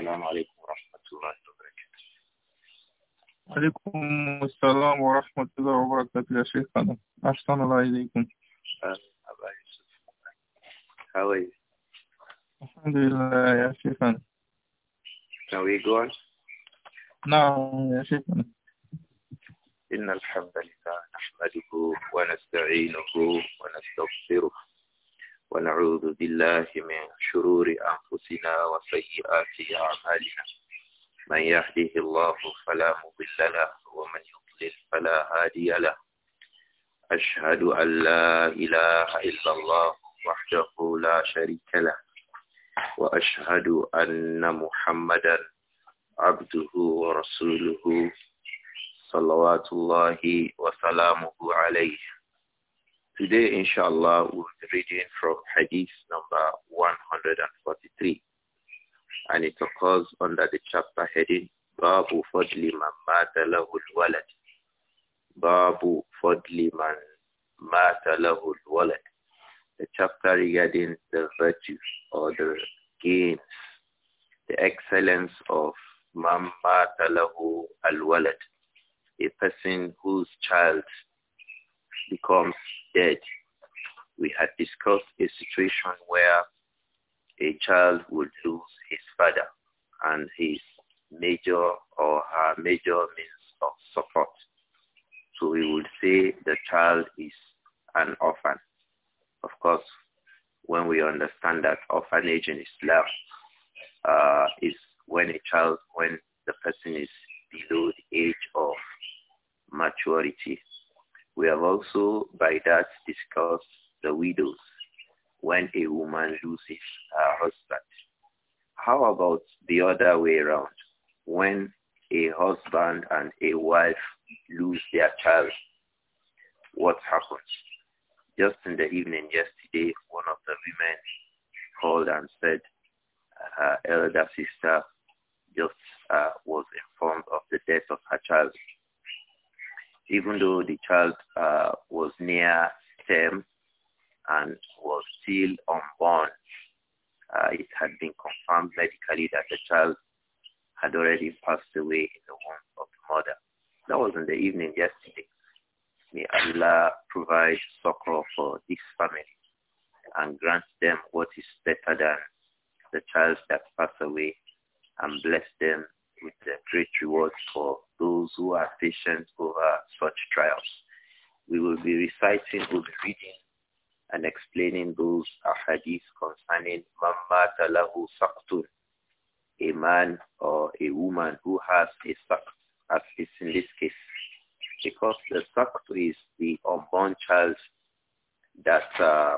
السلام عليكم ورحمة الله وبركاته وعليكم السلام ورحمة الله وبركاته يا شيخنا أحسن الله إليكم أه، أبا يوسف How are you? الحمد لله يا شيخنا Can we go on? نعم يا شيخنا إن الحمد لله نحمده ونستعينه ونستغفره ونعوذ بالله من شرور أنفسنا وسيئات أعمالنا من يهده الله فلا مضل له ومن يضلل فلا هادي له أشهد أن لا إله إلا الله وحده لا شريك له وأشهد أن محمدا عبده ورسوله صلوات الله وسلامه عليه Today, inshallah, we'll be reading from Hadith number 143. And it occurs under the chapter heading, Babu Fadli Man Mata al Walad. Babu Fadli Man Mata al Walad. The chapter regarding the virtues or the gains, the excellence of Man Mata Lahu Al Walad, a person whose child becomes dead. We had discussed a situation where a child would lose his father and his major or her major means of support. So we would say the child is an orphan. Of course, when we understand that orphanage in Islam uh, is when a child, when the person is below the age of maturity. We have also by that discussed the widows when a woman loses her husband. How about the other way around? When a husband and a wife lose their child, what happens? Just in the evening yesterday, one of the women called and said her elder sister just uh, was informed of the death of her child even though the child uh, was near term and was still unborn, uh, it had been confirmed medically that the child had already passed away in the womb of the mother. That was in the evening yesterday. May Allah provide succor for this family and grant them what is better than the child that passed away and bless them with great rewards for those who are patient over such trials. We will be reciting, we'll be reading and explaining those ahadith concerning Mamma Talahu a man or a woman who has a sakt, as is in this case. Because the sakt is the unborn child that, uh,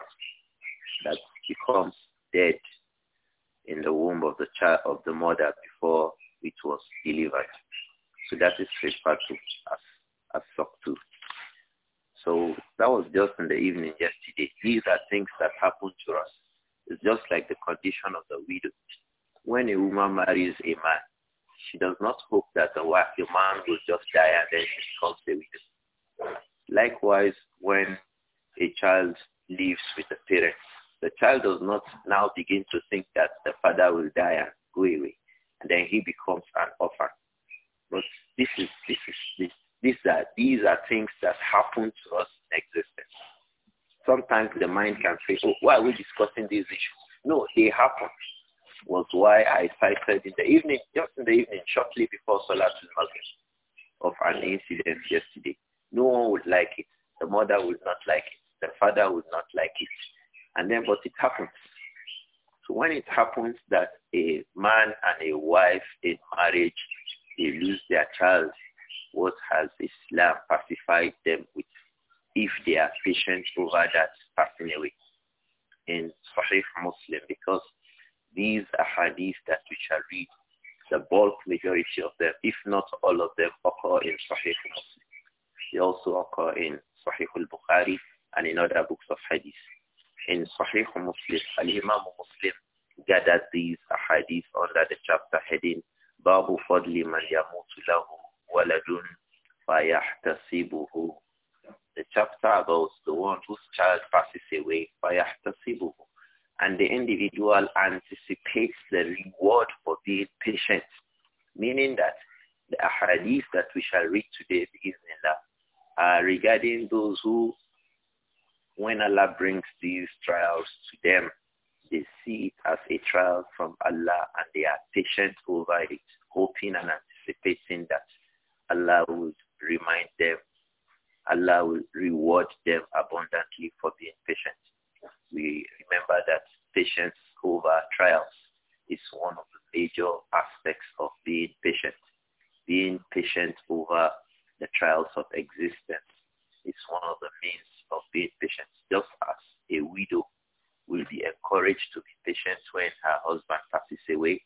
that becomes dead in the womb of the child of the mother before it was delivered. So that is referred to as, as to. So that was just in the evening yesterday. These are things that happen to us. It's just like the condition of the widow. When a woman marries a man, she does not hope that the, wife, man will just die and then she becomes a widow. Likewise, when a child lives with the parents, the child does not now begin to think that the father will die and go away then he becomes an orphan. But this is this is this these are these are things that happen to us in existence. Sometimes the mind can say, Oh, why are we discussing these issues? No, they happen. Was why I cited in the evening, just in the evening, shortly before Salatul Maghrib, of an incident yesterday. No one would like it. The mother would not like it. The father would not like it. And then, but it happens. So when it happens that a man and a wife in marriage, they lose their child, what has Islam pacified them with if they are patient over that passing away? In Sahih Muslim, because these hadiths that we shall read, the bulk majority of them, if not all of them, occur in Sahih Muslim. They also occur in Sahih al-Bukhari and in other books of hadith in Sahih Muslim, Al-Imam Muslim gathered these hadith under the chapter heading Babu Fadli Man Yamutu Lahu Waladun Fayahtasibuhu. The chapter about the one whose child passes away, Fayahtasibuhu. And the individual anticipates the reward for being patient, meaning that the hadith that we shall read today, Bismillah, are regarding those who when Allah brings these trials to them, they see it as a trial from Allah and they are patient over it, hoping and anticipating that Allah will remind them, Allah will reward them abundantly for being patient. We remember that patience over trials is one of the major aspects of being patient. Being patient over the trials of existence is one of the means of being patient, just as a widow will be encouraged to be patient when her husband passes away,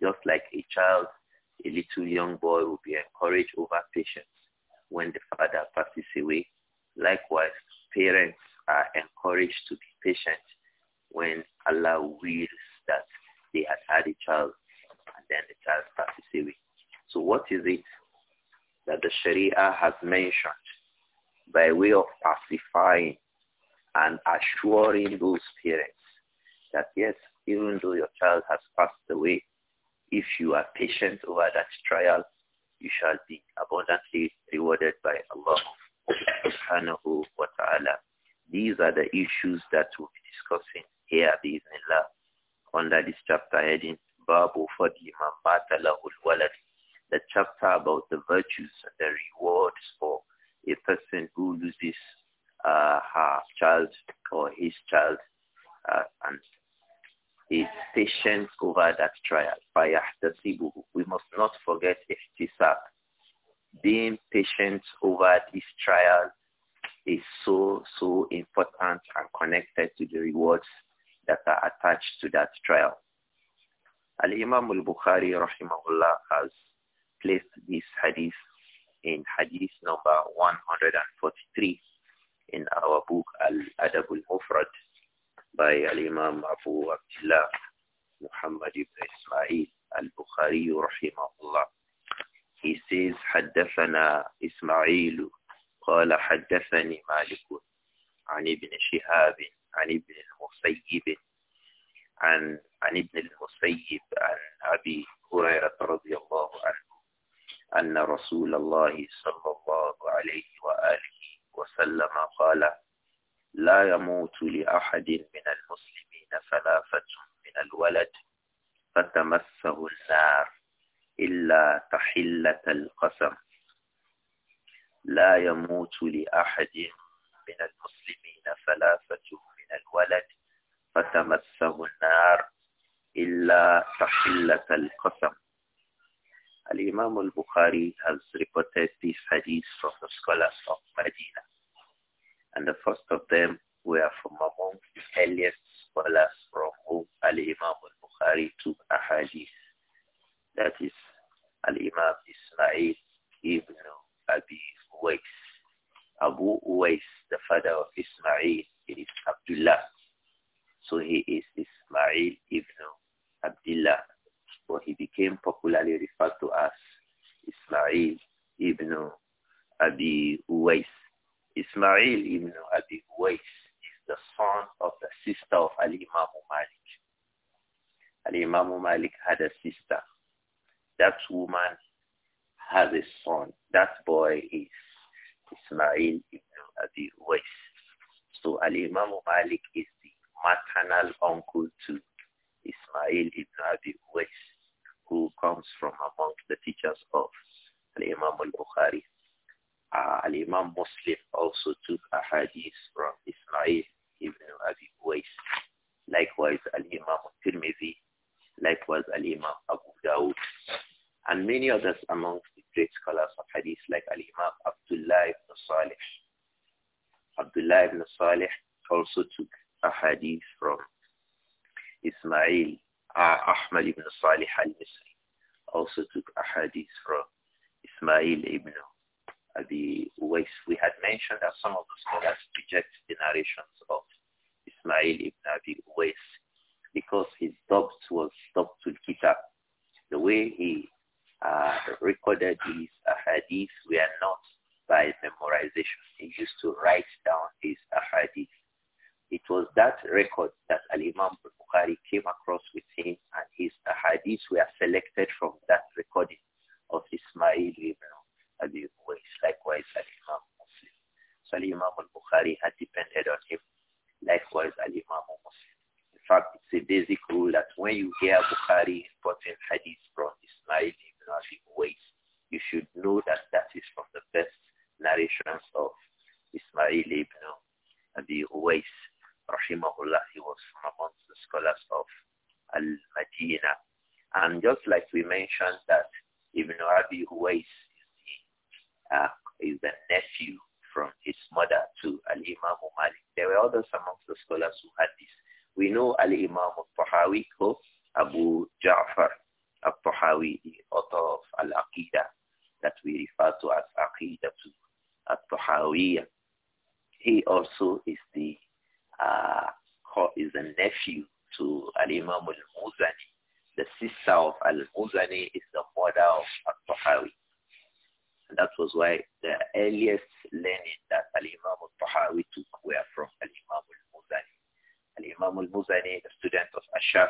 just like a child, a little young boy will be encouraged over patience when the father passes away. Likewise, parents are encouraged to be patient when Allah wills that they had had a child and then the child passes away. So what is it that the Sharia has mentioned by way of pacifying and assuring those parents that yes, even though your child has passed away, if you are patient over that trial, you shall be abundantly rewarded by Allah subhanahu wa ta'ala. These are the issues that we'll be discussing here, bismillah, under this chapter heading, Babu Fadi Mamatala The chapter about the virtues and the rewards for a person who loses uh, her child or his child uh, and is patient over that trial. We must not forget ihtisab. Being patient over this trial is so, so important and connected to the rewards that are attached to that trial. Al-Imam al-Bukhari rahimahullah has placed this hadith in hadith number 143 in our book Al-Adab al-Mufrad by Al-Imam Abu Abdullah Muhammad ibn Ismail al-Bukhari rahimahullah. He says, حدثنا إسماعيل قال حدثني مالك عن ابن شهاب عن ابن المسيب عن عن ابن المسيب عن أبي هريرة رضي الله عنه أن رسول الله صلى الله عليه وآله وسلم قال لا يموت لأحد من المسلمين ثلاثة من الولد فتمسه النار إلا تحلة القسم لا يموت لأحد من المسلمين ثلاثة من الولد فتمسه النار إلا تحلة القسم Al-Imam al-Bukhari has reported these hadiths from the scholars of Medina. And the first of them were from among the earliest scholars from whom Al-Imam al-Bukhari took a hadith. That is Al-Imam Ismail ibn Abi Uwais. Abu Uwais, the father of Ismail, is Abdullah. So he is Ismail ibn Abdullah but he became popularly referred to as Ismail ibn Abi Uwais. Ismail ibn Abi Uwais is the son of the sister of Ali Imam Malik. Ali Imam Malik had a sister. That woman has a son. That boy is Ismail ibn Abi Uwais. So Ali Imam Malik is the maternal uncle to Ismail ibn Abi Uwais who comes from among the teachers of imam al-Bukhari. Uh, Al-Imam Muslim also took a hadith from Ismail ibn Abi Uwais. Likewise, Al-Imam tirmidhi Likewise, Al-Imam Abu Dawud. And many others among the great scholars of hadith like Al-Imam Abdullah ibn Salih. Abdullah ibn Salih also took a hadith from Ismail uh, Ahmad ibn Salih al-Misri also took a hadith from Ismail ibn Abi Uwais. We had mentioned that some of the scholars reject the narrations of Ismail ibn Abi Uwais because his doubt was doubt to kitab. The way he uh, recorded his hadiths were not by memorization. He used to write down his hadiths. It was that record that Al-Imam Bukhari came across with him and his hadiths were selected from that recording of Ismail ibn Abi Uwais, likewise Al-Imam Muslim. So Al-Imam al-Bukhari had depended on him, likewise Al-Imam Muslim. In fact, it's a basic rule that when you hear Bukhari important hadith from Ismail ibn Abi Uwais, you should know that that is from the best narrations of Ismail ibn Abi Uwais rahimahullah, he was from amongst the scholars of al madina And just like we mentioned that Ibn Abi Huwais is the, uh, is the nephew from his mother to Al-Imam Malik. There were others amongst the scholars who had this. We know Al-Imam al-Tahawi, Abu Ja'far al-Tahawi, the author of Al-Aqidah, that we refer to as Aqidah to al-Tahawiyah. He also is the uh, is a nephew to Al-Imam al-Muzani. The sister of al-Muzani is the mother of al-Tahawi. That was why the earliest learning that al-Imam al-Tahawi took were from al-Imam al-Muzani. Al-Imam al-Muzani, the student of ash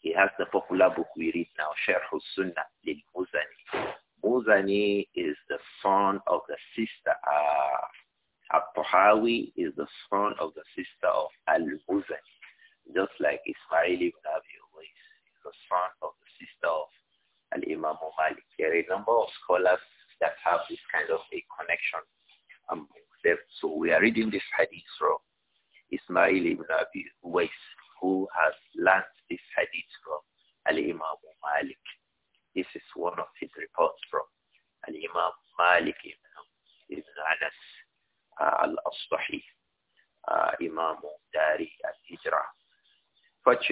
he has the popular book we read now, Sharh al-Sunnah lil-Muzani. Muzani is the son of the sister, uh, Al-Tahawi is the son of the sister of Al-Muzani, just like Ismail ibn Abi Uwais is the son of the sister of Al-Imam Malik. There are a number of scholars that have this kind of a connection among them. So we are reading this hadith from Ismail ibn Abi Uwais, who has learned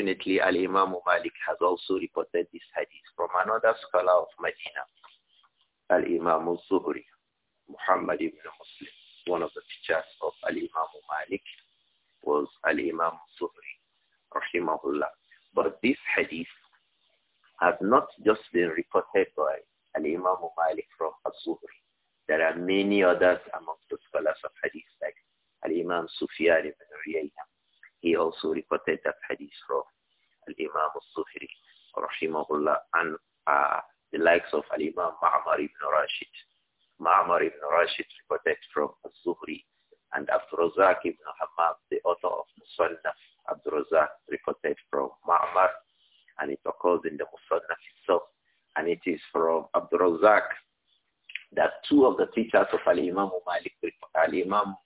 Definitely Al-Imam Malik has also reported this hadith from another scholar of Medina, Al-Imam al-Zuhri, Muhammad ibn Muslim. One of the teachers of Al-Imam Malik was Al-Imam al-Zuhri, rahimahullah. But this hadith has not just been reported by Al-Imam Malik from al-Zuhri. There are many others among the scholars of hadith like Al-Imam Sufyan ibn Uyayna. He also reported teachers of Al-Imam Malik, Al-Imam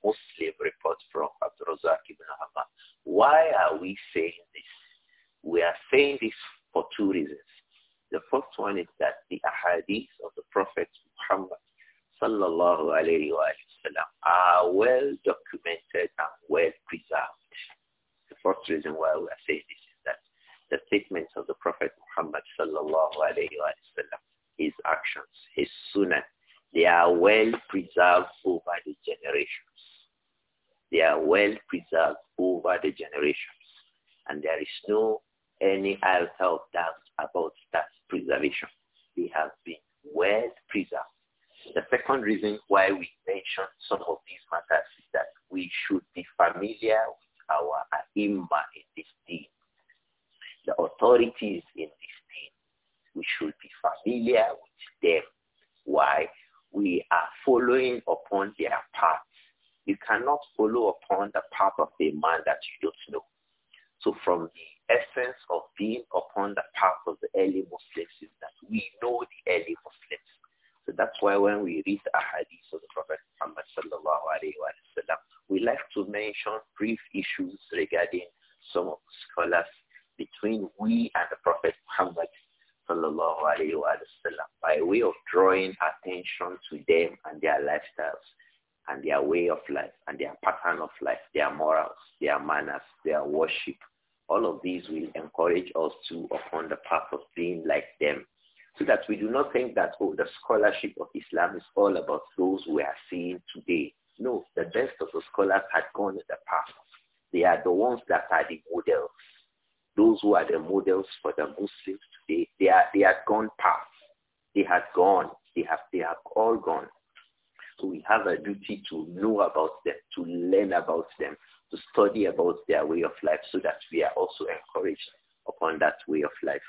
why when we read the hadith of the Prophet Muhammad sallallahu alayhi wa we like to mention brief issues regarding some of the scholars between we and the Prophet Muhammad sallallahu alayhi wa sallam by way of drawing attention to them and their lifestyles and their way of life and their pattern of life, their morals, their manners, their worship. All of these will encourage us to upon the path of being like them so that we do not think that, oh, the scholarship of Islam is all about those we are seeing today. No, the best of the scholars had gone in the past. They are the ones that are the models. Those who are the models for the Muslims today, they are they had gone past. They had gone. They have they have all gone. So we have a duty to know about them, to learn about them, to study about their way of life so that we are also encouraged upon that way of life.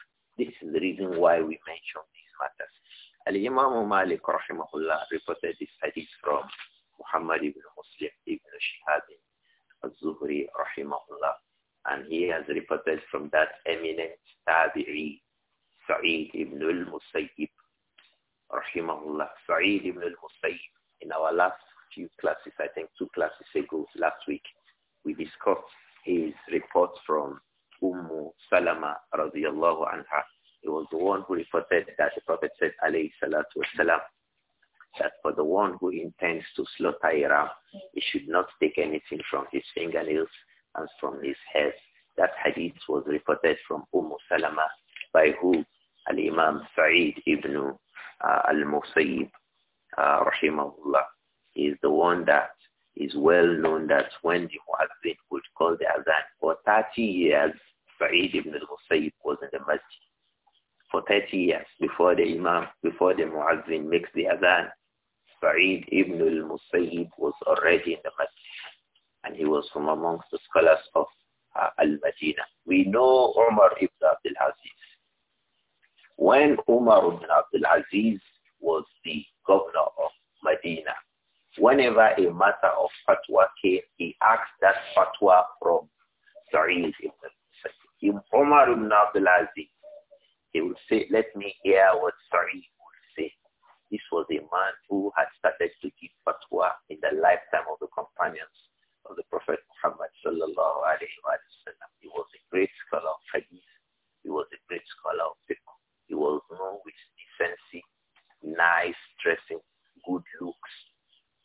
Al-Imam Malik rahimahullah reported this hadith from Muhammad ibn Muslim ibn Shihab al-Zuhri rahimahullah. And he has reported from that eminent tabi'i, Sa'id ibn al-Musayyib rahimahullah. Sa'id ibn al-Musayyib. In our last few classes, I think two classes ago, last week, we discussed his report from Umm Salama radiallahu anha from. He whenever a matter of fatwa came, he asked that fatwa from Sa'id ibn Umar ibn Abdul Aziz. He would say, let me hear what Sa'id would say. This was a man who had started to give fatwa in the lifetime of the companions of the Prophet Muhammad sallallahu alayhi wa sallam. He was a great scholar of hadith. He was a great scholar of fiqh. He was known with decency, nice dressing, good looks,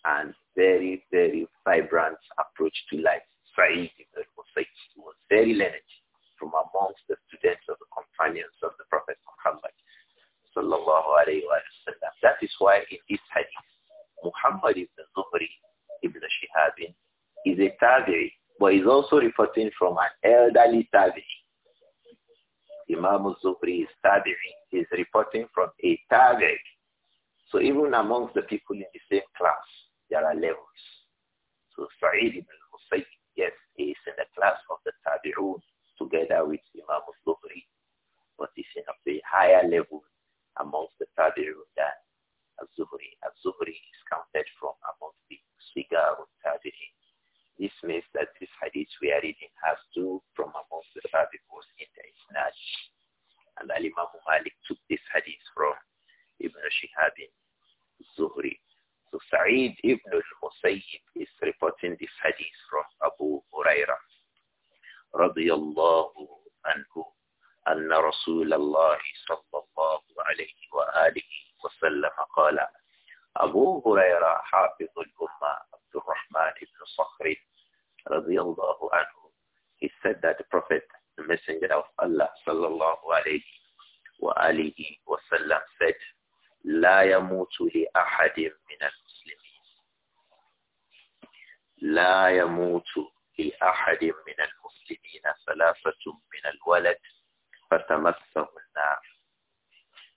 and very, very vibrant approach to life. Said ibn was very learned from amongst the students of the companions of the Prophet Muhammad. That is why in this hadith, Muhammad ibn Zuhri ibn Shihabin is a tabi'i, but is also reporting from an elderly tabi'i. Imam Zuhri is tabi'i, is reporting from a tabi'i. So even amongst the people in the same class, there are levels. So Sa'id ibn Husayn, yes, he is in the class of the Tabi'un together with Imam al-Zuhri, but he's in a higher level amongst the Tabi'un than al-Zuhri. Al-Zuhri is counted from amongst the Sigar al-Tabi'in. This means that this hadith we are reading has two from amongst the Tabi'un in the Isnad. And Al-Imam Malik took this hadith from Ibn Shihab Zuhri so Sa'id ibn al-Musayyib is reporting this hadith from Abu Huraira radiyallahu anhu أن رسول الله صلى الله عليه وآله وسلم قال أبو هريرة حافظ الأمة عبد الرحمن بن صخر رضي الله عنه he said that the Prophet the Messenger of Allah صلى الله عليه وآله وسلم said لا يموت لأحد من لا يموت لأحد من المسلمين ثلاثة من الولد فتمسه النار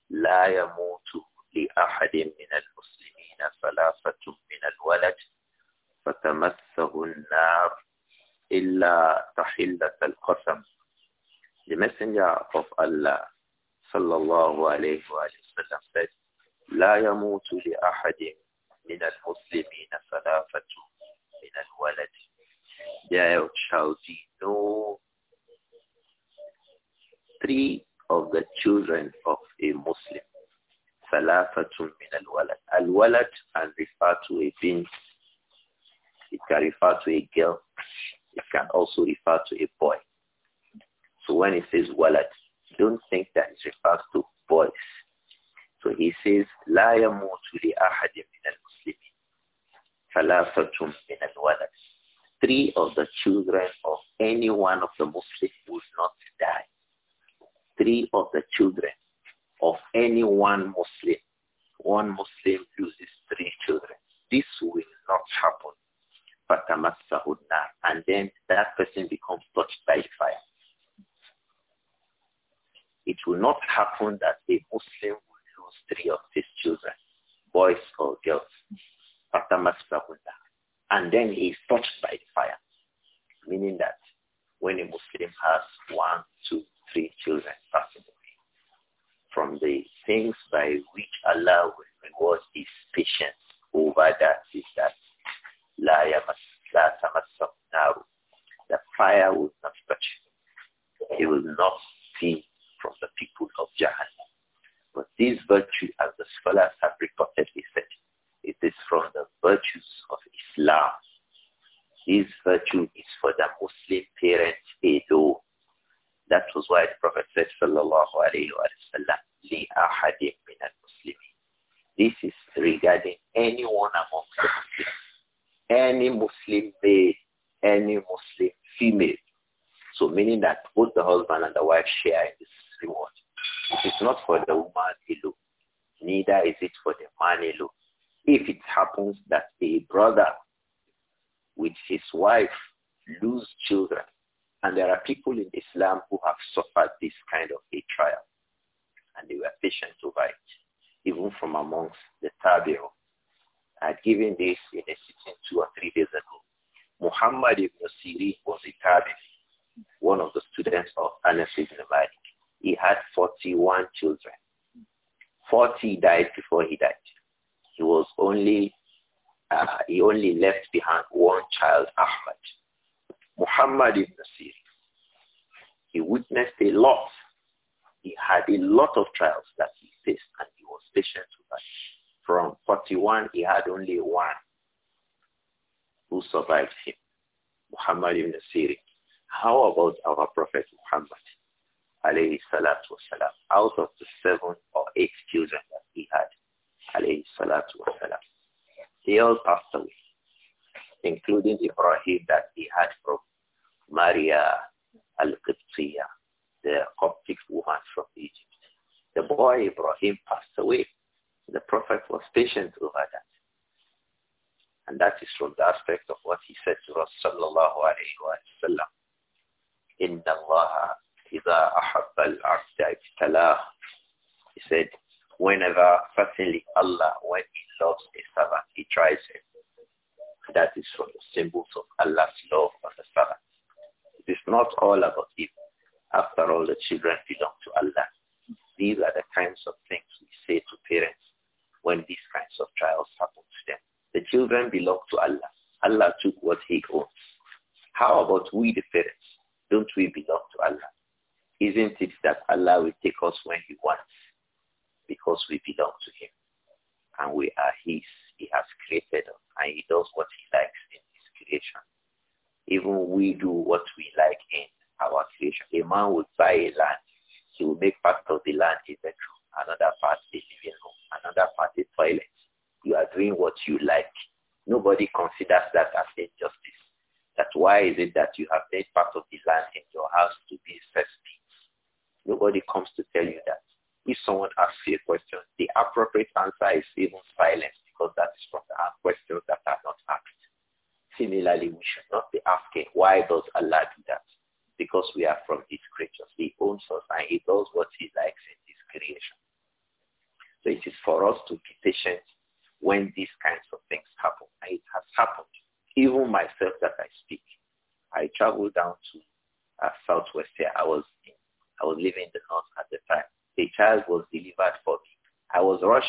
لا يموت لأحد من المسلمين ثلاثة من الولد فتمسه النار إلا تحلة القسم The messenger of Allah الله عليه وآله وسلم said لا يموت لأحد من المسلمين ثلاثة min al-walad. Oh, there shall be no three of the children of a Muslim. Salafatun min al-walad. Al-walad can refer to a bint. It can refer to a girl. It can also refer to a boy. So when it says walad, don't think that it refers to boys. So he says, لا يموت لأحد من thalathatun min al-walad. Three of the children of any one of the Muslims would not die. Three of the children of any one Muslim, one Muslim loses three children. This will not happen. And then that person becomes touched by fire. It will not happen that a Muslim will lose three of his children, boys or girls. And then he is touched by the fire. Meaning that when a Muslim has one, two, three children passing away, from the things by which Allah will reward his patience over that is that la the fire will not touch him. He will not see from the people of Jahannam. But this virtue, as the scholars have reportedly said, it is from the virtues of Islam. His virtue is for the Muslim parents Edo. That was why the Prophet said, Sallallahu Alaihi Wasallam, Li ahadim min al This is regarding anyone among the Muslims. Any Muslim male, any Muslim female. So meaning that both the husband and the wife share in this reward. It is not for the woman alone. Neither is it for the man alone. If it happens that a brother with his wife lose children, and there are people in Islam who have suffered this kind of a trial, and they were patient over it, even from amongst the Tabi'un. I had given this in a sitting two or three days ago. Muhammad ibn Sirin was a Tabi, one of the students of Anas ibn Malik. He had 41 children. 40 died before he died he was only, uh, he only left behind one child, Ahmad. Muhammad ibn Sirin. He witnessed a lot. He had a lot of trials that he faced and he was patient with us. From 41, he had only one who survived him, Muhammad ibn Sirin. How about our Prophet Muhammad? out of the seven or eight children that he had, alayhi salatu wasalam. They all passed away, including Ibrahim that he had from Maria al-Qibtiyya, the Coptic woman from Egypt. The boy Ibrahim passed away. The Prophet was patient over that. And that is from the aspect of what he said to us, sallallahu alayhi wa sallam. إِنَّ اللَّهَ إِذَا أَحَبَّ الْعَبْدَ ابْتَلَاهُ He said, whenever, certainly Allah, when he loves a servant, he tries him. That is from the symbols of Allah's love for the servant. It is not all about him. After all, the children belong to Allah. These are the kinds of things we say to parents when these kinds of trials happen to them. The children belong to Allah. Allah took what he owns. How about we the parents? Don't we belong to Allah? Isn't it that Allah will take us when he wants? because we belong to him and we are his. He has created us and he does what he likes in his creation. Even we do what we like in our creation. A man would buy a land. He will make part of the land his bedroom, another part his living room, another part a toilet. You are doing what you like. Nobody considers that as injustice. That why is it that you have made part of the land in your house to be cesspit. Nobody comes to tell you that. If someone asks you a question, the appropriate answer is even silence because that is from the questions that are not asked. Similarly, we should not be asking, why does Allah do that? Because we are from his creatures. He owns us and he does what he likes in his creation. So it is for us to keep.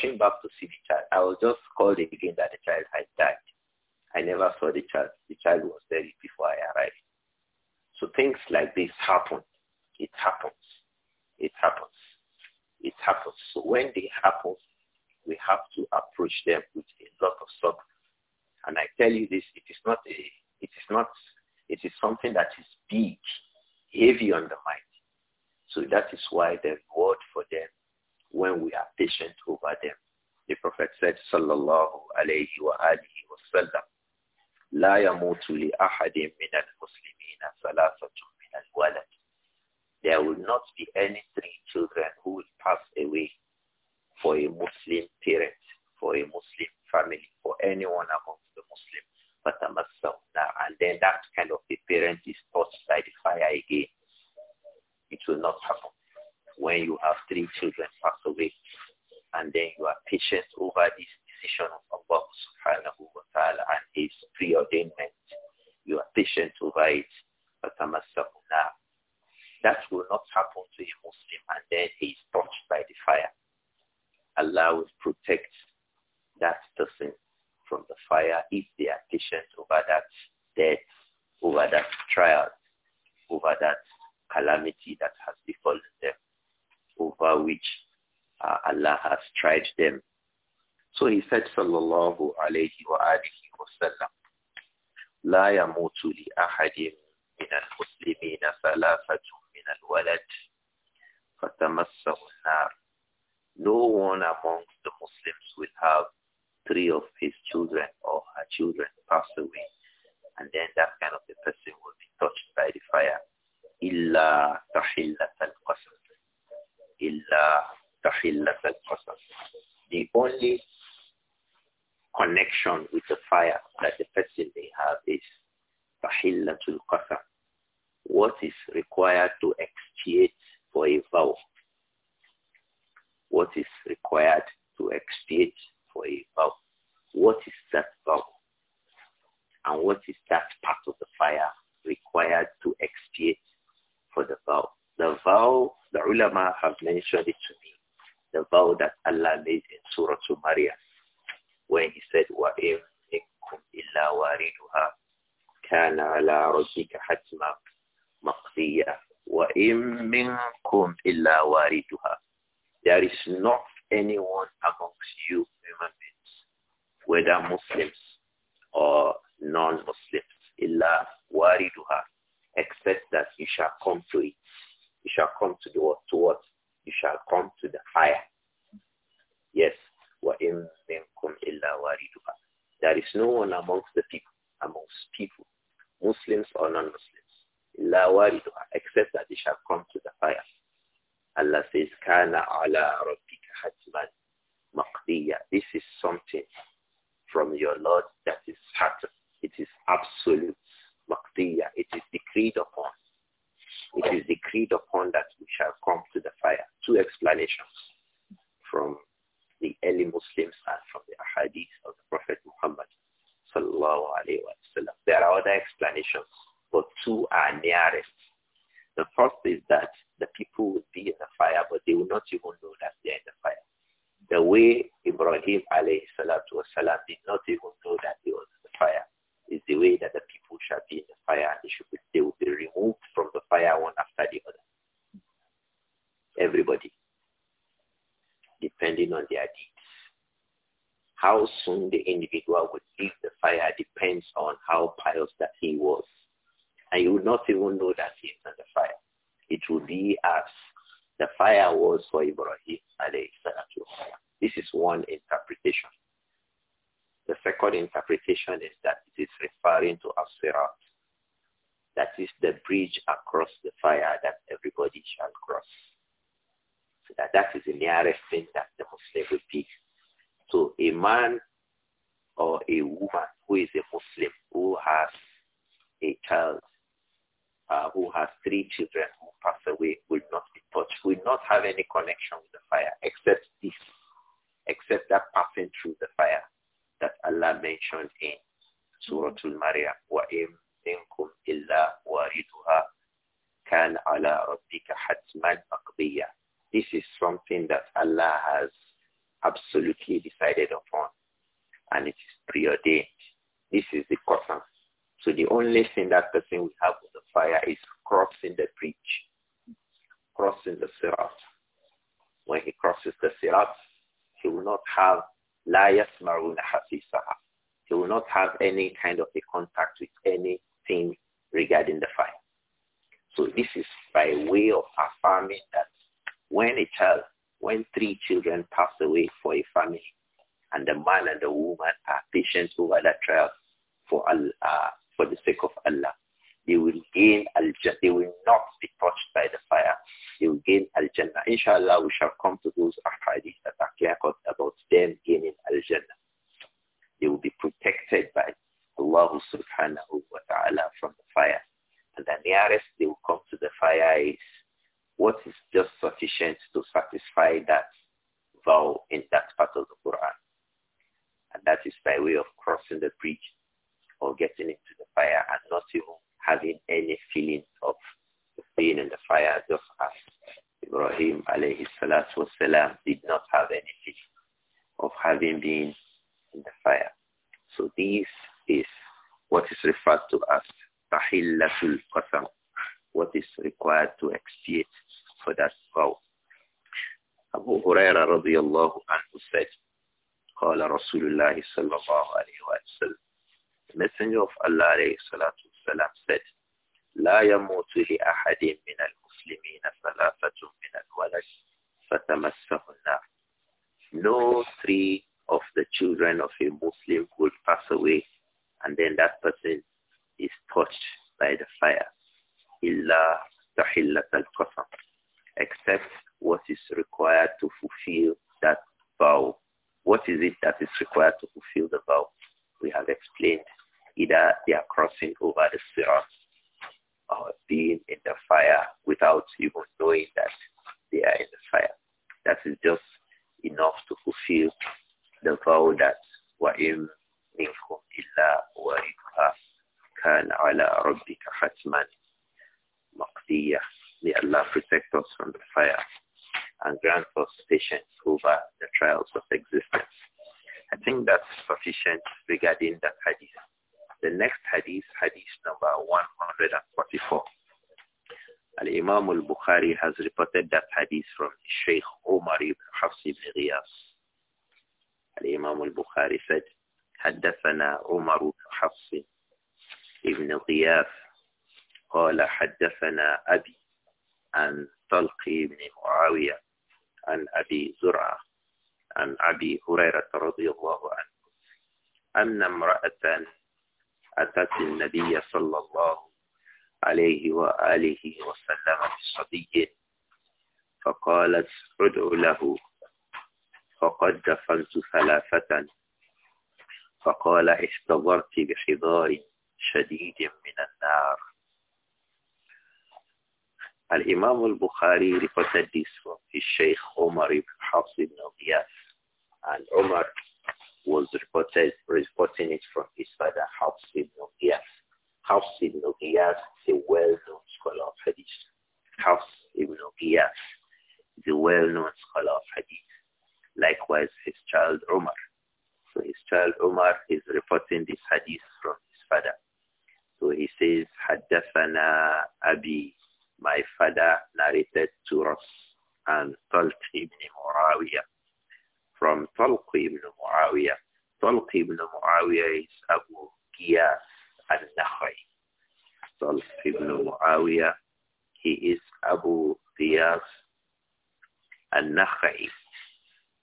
rushing back to see the child. I was just called again that the child had died. I never saw the child. The child was buried before I arrived. So things like this happen. It happens. It happens. It happens. So when they happen, we have to approach them with a lot of support. And I tell you this, it is not a, it is not, it is something that is big, heavy on the mind. So that is why there that person. The only connection with the fire that the person may have is tahillatul qasam. What is required to expiate for a vow? What is required to expiate for a vow? What is that vow? And what is that part of the fire required to expiate for the vow? The vow, the ulama have mentioned it to me the vow that Allah made in Surah Maryam when he said, وَإِن مِنْكُمْ إِلَّا وَارِدُهَا كَانَ عَلَىٰ رَبِّكَ حَتْمًا مَقْضِيًّا وَإِن مِنْكُمْ إِلَّا وَارِدُهَا There is not anyone amongst you human beings, whether Muslims or non-Muslims, إِلَّا وَارِدُهَا except that you shall come to it. You shall come to the what? what? you shall come to the fire. Yes. There is no one amongst the people, amongst people, Muslims or non-Muslims, except that they shall come to the fire. Allah says, "Kana عَلَىٰ رَبِّكَ This is something from your Lord that is certain. It is absolute. It is decreed upon it is decreed upon that we shall come to the fire. Two explanations from the early Muslims and from the Ahadith of the Prophet Muhammad sallallahu alaihi wasallam. There are other explanations, but two are nearest. The first is that the people will be in the fire, but they will not even know that they are in the fire. The way Ibrahim alayhi salatu wasalam did not even know that he was in the fire is the way that the people shall be in the fire and they, should be, they will be removed from the fire one after the other. Everybody, depending on their deeds. How soon the individual would leave the fire depends on how pious that he was. And you would not even know that he is in the fire. It will be as the fire was for Ibrahim This is one interpretation. The second interpretation is that it is the bridge across the fire that everybody shall cross. So that, that is the nearest thing that the Muslim will So a man or a woman who is a Muslim, who has a child, uh, who has three children who pass away, will not be touched, will not have any connection with the fire except this, except that passing through the fire that Allah mentioned in Surah Al-Maryam, وَإِمْ منكم إلا واردها كان على ربك حتما This is something that Allah has absolutely decided upon and it is preordained. This is the cotton. So the only thing that person will have with the fire is crossing the bridge, crossing the sirat. When he crosses the sirat, he will not have la yasmaruna hasisaha. He will not have any kind of a contact with any thing regarding the fire. So this is by way of affirming that when a child, when three children pass away for a family, and the man and the woman are patient over that trial for uh, for the sake of Allah, they will gain al They will not be touched by the fire. They will gain al Jannah. Inshallah, we shall come to those ahadith that are clear about them gaining al Jannah. They will be protected by Allah subhanahu wa ta'ala from the fire. And the nearest they will come to the fire is what is just sufficient to satisfy that vow in that part of the Quran. And that is by way of crossing the bridge or getting into the fire and not even having any feeling of being in the fire just as Ibrahim alayhi salatu wasalam did not have any feeling of having been in the fire. So these is what is referred to as tahillatul qasam, what is required to expiate for that vow. Abu Huraira radiallahu anhu said, قال رسول الله صلى الله عليه وسلم The Messenger of Allah عليه الصلاة والسلام said, لا يموت لأحد من المسلمين ثلاثة من الولد فتمسه النار. No three of the children of a Bukhari reported Muawiyah. Talq ibn Muawiyah is Abu Giyas al-Nakhai. Talq ibn he is Abu Giyas al-Nakhai.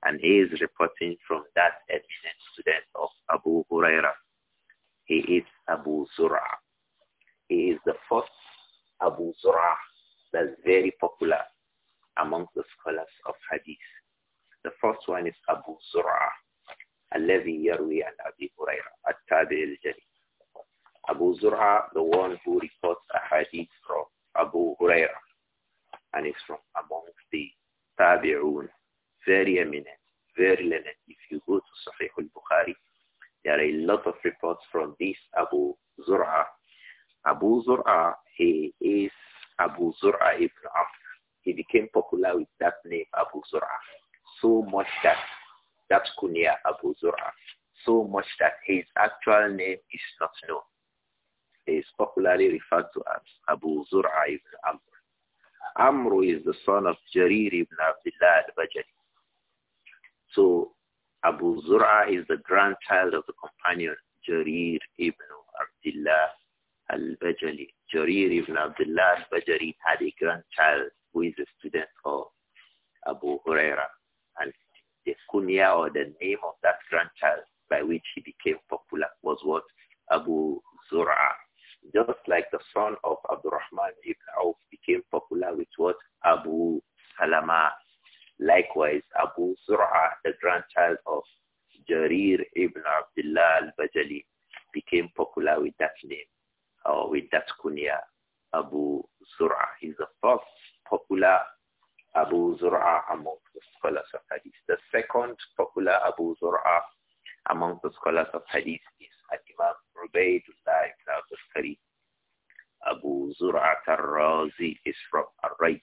And he is reporting from that eminent student of Abu Huraira. He is Abu Zura. He is the first Abu Zura that's very popular among the scholars of Hadith. The first one is Abu Zura. الذي يروي عن أبي هريرة التابع الجليل the one who reports a hadith from Abu Huraira, and is from amongst the Tabi'un, very eminent, very learned. If you go to Sahih al-Bukhari, there are a lot of reports from this Abu Zur'a. Abu Zur'a, he is Abu Zur'a ibn Amr. He became popular with that name, Abu Zur'a, so much that that's Kunya Abu Zura. So much that his actual name is not known. He is popularly referred to as Abu Zura ibn Amr. Amr is the son of Jarir ibn Abdullah al-Bajali. So Abu Zura is the grandchild of the companion Jarir ibn Abdullah al-Bajali. Jarir ibn Abdullah al-Bajali had a grandchild who is a student of Abu Huraira and the kunya or the name of that grandchild by which he became popular was what? Abu Zura. Just like the son of Abdurrahman ibn Auf became popular with what? Abu Salama. Likewise, Abu Zura, the grandchild of Jarir ibn Abdullah al-Bajali, became popular with that name or with that kunya, Abu Zura. He's the first popular Abu Zur'a among the scholars of hadith. The second popular Abu Zur'a among the scholars of hadith is Imam Ubaidullah ibn al Karim. Abu Zur'a al-Razi is from Array.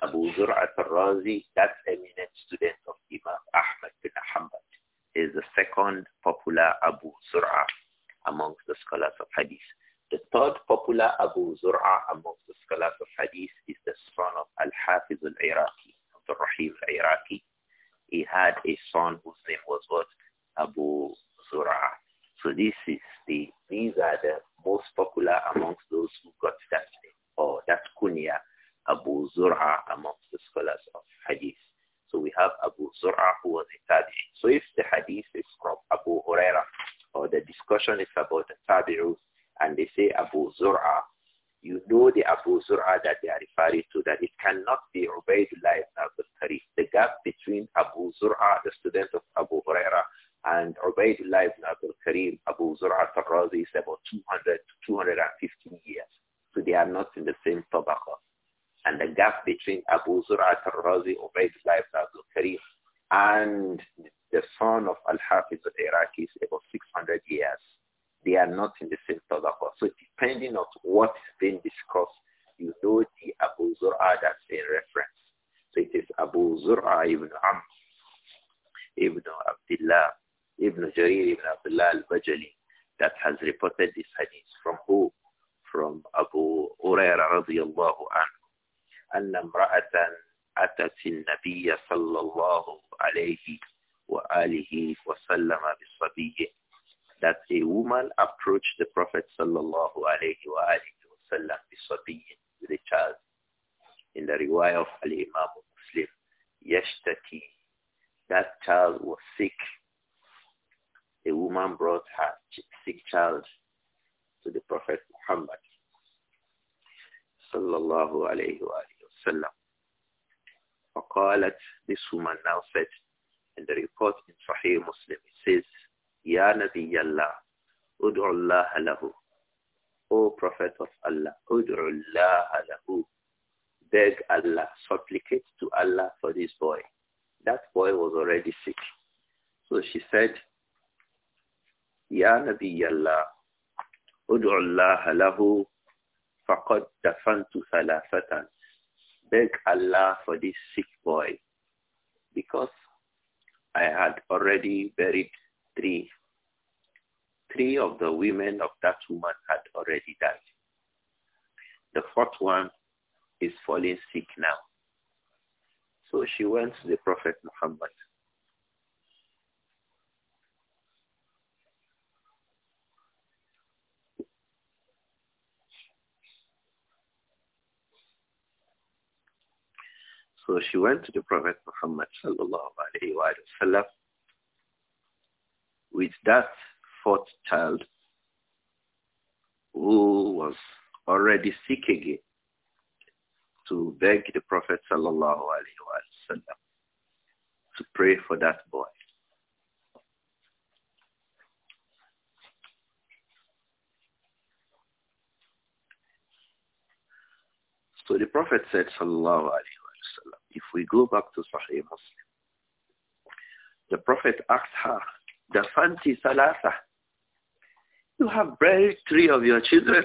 Abu Zur'a al-Razi, that eminent student of Imam Ahmad bin Hanbal, is the second popular Abu Zur'a among the scholars of hadith. The third popular Abu Zur'a amongst the scholars of Hadith is the son of Al-Hafiz al-Iraqi, Abdul al-Iraqi. He had a son whose name was what? Abu Zur'a. So this is the, these are the most popular amongst those who got that name, or that kunya, Abu Zur'a amongst the scholars of Hadith. So we have Abu Zur'a who was a tabi'i. So if the hadith is from Abu Huraira or the discussion is about the tabi'us, and they say Abu Zur'a, you know the Abu Zur'a that they are referring to, that it cannot be Ubaidullah ibn Abdul Tariq. The gap between Abu Zur'a, the student of Abu Huraira, and Ubaidullah ibn Abdul Karim, Abu Zur'a al-Razi is about 200 to 250 years. So they are not in the same tabaqa. And the gap between Abu Zur'a al-Razi, Ubaidullah ibn Abdul Karim, and the son of Al-Hafiz al-Iraqi is about 600 years. They are not in the same sadaqah. So depending on what is being discussed, you know the Abu Zur'a that's in reference. So it is Abu Zur'a ibn Amr, ibn Abdullah, ibn Jarir ibn Abdullah al-Bajali that has reported this hadith. From who? From Abu Uraira radiallahu anhu. أن امرأة أتت النبي صلى الله عليه وآله وسلم بصبي that a woman approached the Prophet sallallahu alayhi wa with a child. In the riwayah of Al-Imam Muslim, yesterday that child was sick. A woman brought her sick child to the Prophet Muhammad sallallahu alayhi wa sallam. this woman now said, in the report in Sahih Muslim, it says, Ya Nabi Allah, ud'u Allah lahu. O Prophet of Allah, ud'u Allah lahu. Beg Allah, supplicate to Allah for this boy. That boy was already sick. So she said, Ya Nabi Allah, ud'u Allah lahu. فقد دفنت ثلاثة beg Allah for this sick boy because I had already buried three. Three of the women of that woman had already died. The fourth one is falling sick now. So she went to the Prophet Muhammad. So she went to the Prophet Muhammad sallallahu wa sallam with that fourth child who was already sick again to beg the Prophet sallallahu alaihi wasallam to pray for that boy. So the Prophet said, Sallallahu Alaihi Wasallam, if we go back to Sahih Muslim, the Prophet asked her, the fancy salasa. You have buried three of your children.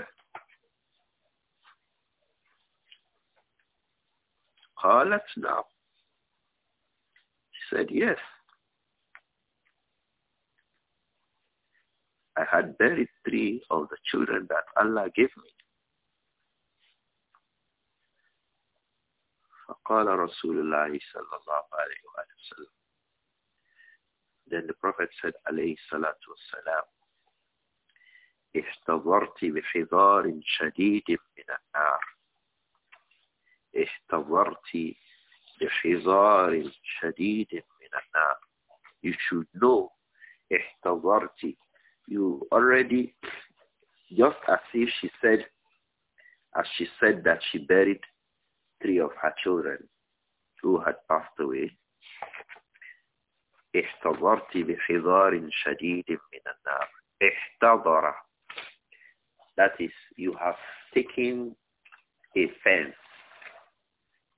let's now. She said, yes. I had buried three of the children that Allah gave me. فقال رسول الله صلى الله عليه وسلم then the Prophet said, alayhi salatu wassalam, احتضرت بحضار شديد من النار احتضرت بحضار شديد من النار You should know احتضرت You already, just as if she said, as she said that she buried three of her children who had passed away, احتضرت بحضار شديد من النار احتضر that is you have taken a fence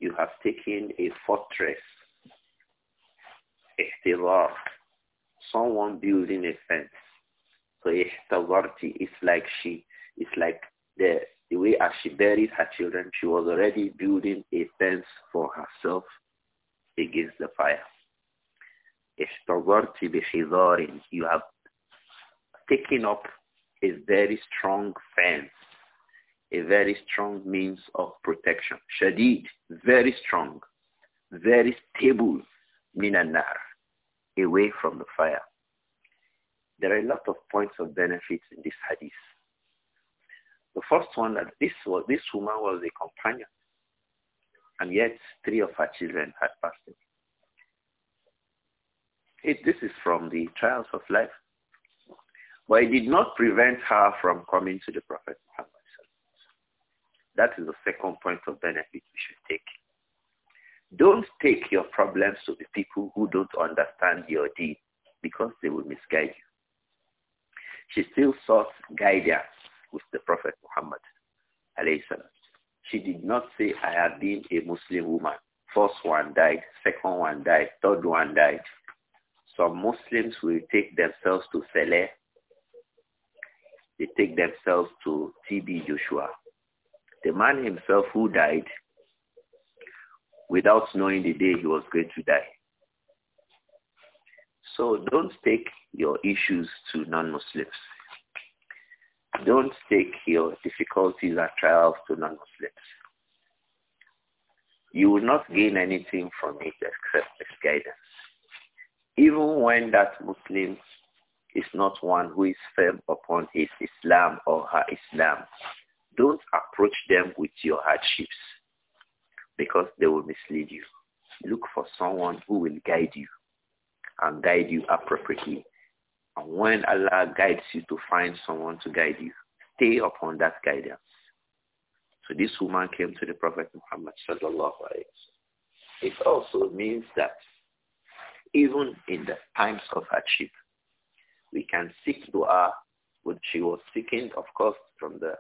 you have taken a fortress احتضار someone building a fence so احتضرت is like she it's like the the way as she buried her children she was already building a fence for herself against the fire you have taken up a very strong fence, a very strong means of protection. Shadid, very strong, very stable, minanar, away from the fire. There are a lot of points of benefits in this hadith. The first one that this was, this woman was a companion, and yet three of her children had passed away. It, this is from the trials of life. But it did not prevent her from coming to the Prophet Muhammad. That is the second point of benefit we should take. Don't take your problems to the people who don't understand your deed because they will misguide you. She still sought guidance with the Prophet Muhammad. She did not say, I have been a Muslim woman. First one died, second one died, third one died, some Muslims will take themselves to Saleh. They take themselves to TB Joshua. The man himself who died without knowing the day he was going to die. So don't take your issues to non-Muslims. Don't take your difficulties and trials to non-Muslims. You will not gain anything from it except misguidance even when that Muslim is not one who is firm upon his Islam or her Islam, don't approach them with your hardships because they will mislead you. Look for someone who will guide you and guide you appropriately. And when Allah guides you to find someone to guide you, stay upon that guidance. So this woman came to the Prophet Muhammad sallallahu alaihi wasallam. It also means that even in the times of hardship. We can seek dua, which she was seeking, of course, from the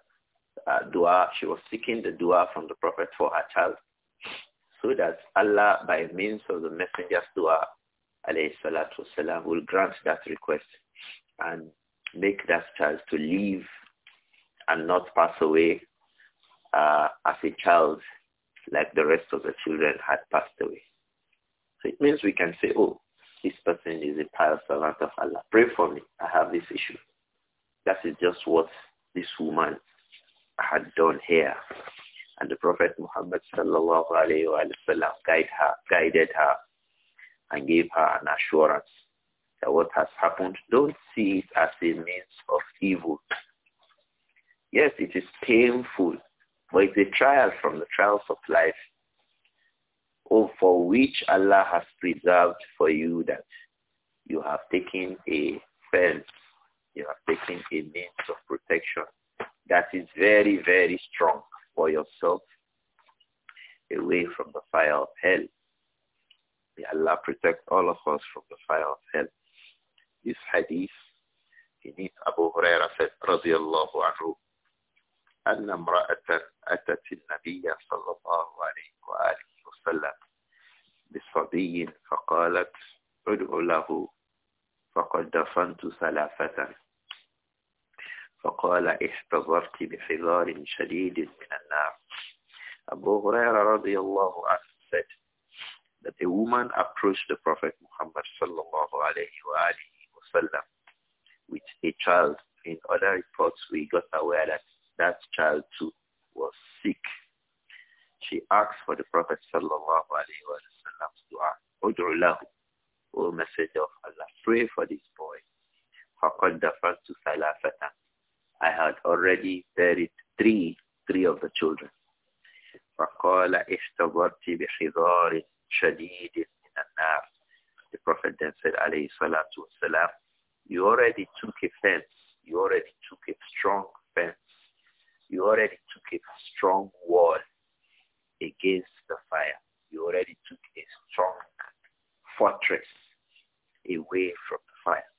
uh, dua. She was seeking the dua from the Prophet for her child, so that Allah, by means of the messenger's dua, alayhi will grant that request and make that child to live and not pass away uh, as a child like the rest of the children had passed away. So it means we can say, oh, this person is a pious servant of Allah. Pray for me. I have this issue. That is just what this woman had done here. And the Prophet Muhammad sallallahu alayhi wa sallam guide her, guided her and gave her an assurance that what has happened, don't see it as a means of evil. Yes, it is painful, but it's a trial from the trials of life or for which Allah has preserved for you that you have taken a fence, you have taken a means of protection that is very, very strong for yourself away from the fire of hell. May Allah protect all of us from the fire of hell. This hadith, in it Abu Huraira said, رضي الله عنه, أن امرأة أتت النبي صلى الله عليه وآله وسلم بصبي فقالت ادع له فقد دفنت ثلاثة فقال احتضرت بحذار شديد من النار said that a woman approached the Prophet Muhammad sallallahu alayhi wa wasallam with a child. In other reports, we got aware that that child too was sick she asked for the Prophet sallallahu alayhi wa dua. Ud'u lahu, O Messenger of Allah, pray for this boy. فَقَدْ دَفَرْتُ ثَلَافَةً I had already buried three, three of the children. فَقَالَ اِحْتَضَرْتِ بِحِضَارٍ شَدِيدٍ مِنَ النَّارِ The Prophet then said, alayhi salatu wasalam, you already took a fence. You already took a strong fence. You already took a strong wall against the fire. You already took a strong fortress away from the fire.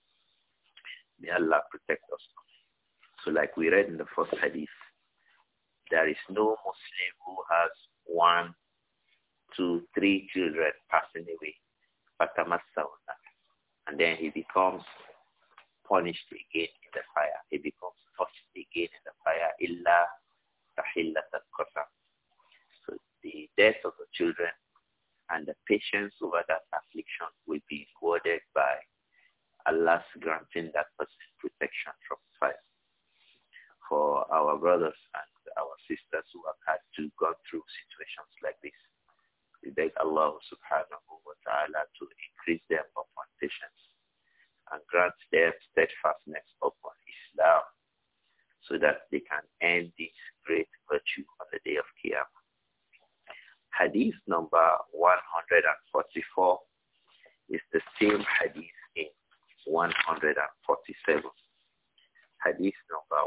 May Allah protect us. So like we read in the first hadith, there is no Muslim who has one, two, three children passing away. And then he becomes punished again in the fire. He becomes punished again in the fire. Illa tahillat al the death of the children and the patience over that affliction will be rewarded by Allah's granting that person protection from fire. For our brothers and our sisters who have had to go through situations like this, we beg Allah subhanahu wa ta'ala to increase them upon patience and grant them steadfastness upon Islam so that they can end this great virtue on the day of Qiyamah. Hadith number 144 is the same hadith in 147. Hadith number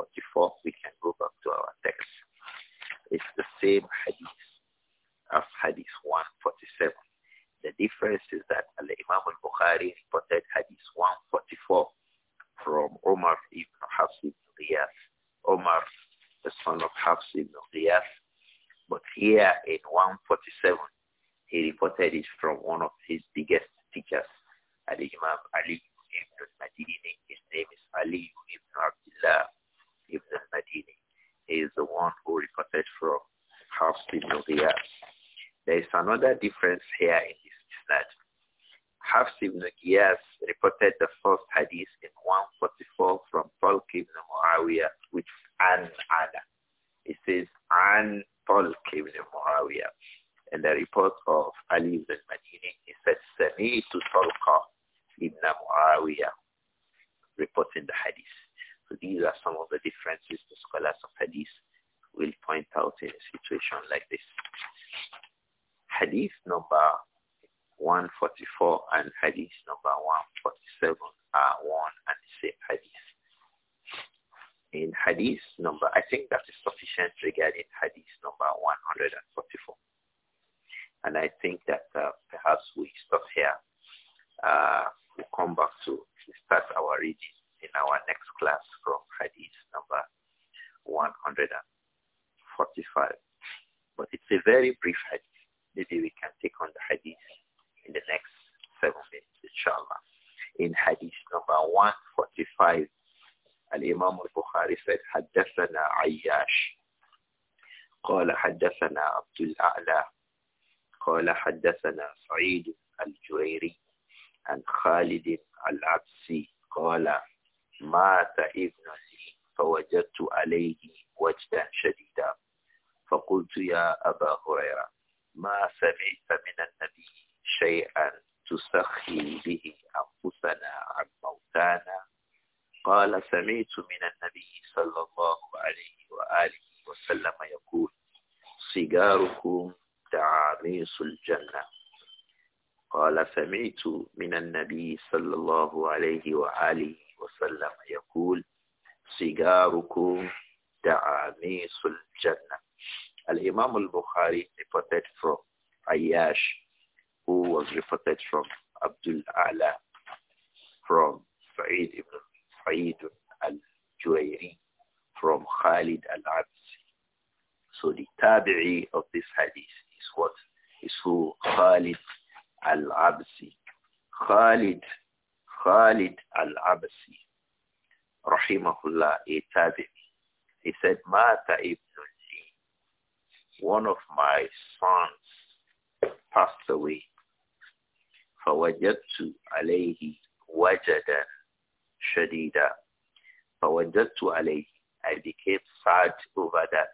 144, we can go back to our text. It's the same hadith as hadith 147. The difference is that imam al-Bukhari reported hadith 144 from Omar ibn Hafs ibn Riyas. Omar, the son of Hafs ibn Riyas, but here in 147, he reported it from one of his biggest teachers, Ali imam Ali ibn al-Madini. His name is Ali ibn Abdullah ibn al-Madini. He is the one who reported from Hafs ibn Ghiyas. There is another difference here in this isnad. Hafs ibn Ghiyas reported the first hadith in 144 from Paul ibn Muawiyah with an Ana. It says, An Talq ibn Muawiyah. and the report of Ali ibn Madini, he said, Sami'tu Talqa ibn Muawiyah. Reporting the hadith. So these are some of the differences the scholars of hadith will point out in a situation like this. Hadith number 144 and hadith number 147 are one and the same hadith in hadith number, I think that is sufficient regarding hadith number 144. And I think that uh, perhaps we stop here. Uh, we come back to start our reading in our next class from hadith number 145. But it's a very brief hadith. Maybe we can take on the hadith in the next seven minutes, inshallah. In hadith number 145, الإمام البخاري سيد حدثنا عياش قال حدثنا عبد الأعلى قال حدثنا سعيد الجريري عن خالد العبسي قال مات ابن لي فوجدت عليه وجدا شديدا فقلت يا أبا هريرة ما سمعت من النبي شيئا تسخي به أنفسنا عن موتانا قال سمعت من النبي صلى الله عليه وآله وسلم يقول سيجاركم تعاميس الجنة قال سمعت من النبي صلى الله عليه وآله وسلم يقول سيجاركم تعاميس الجنة الإمام البخاري reported from Ayyash who was reported from Abdul Ala from Sa'id ibn Sa'id al-Juwayri from Khalid al-Absi. So the tabi'i of this hadith is what? Is who Khalid al-Absi. Khalid, Khalid al-Absi. Rahimahullah, a tabi'i. He said, Mata ibn li. One of my sons passed away. فوجدت عليه وجدا شديدا فوجدت عليه I became sad over that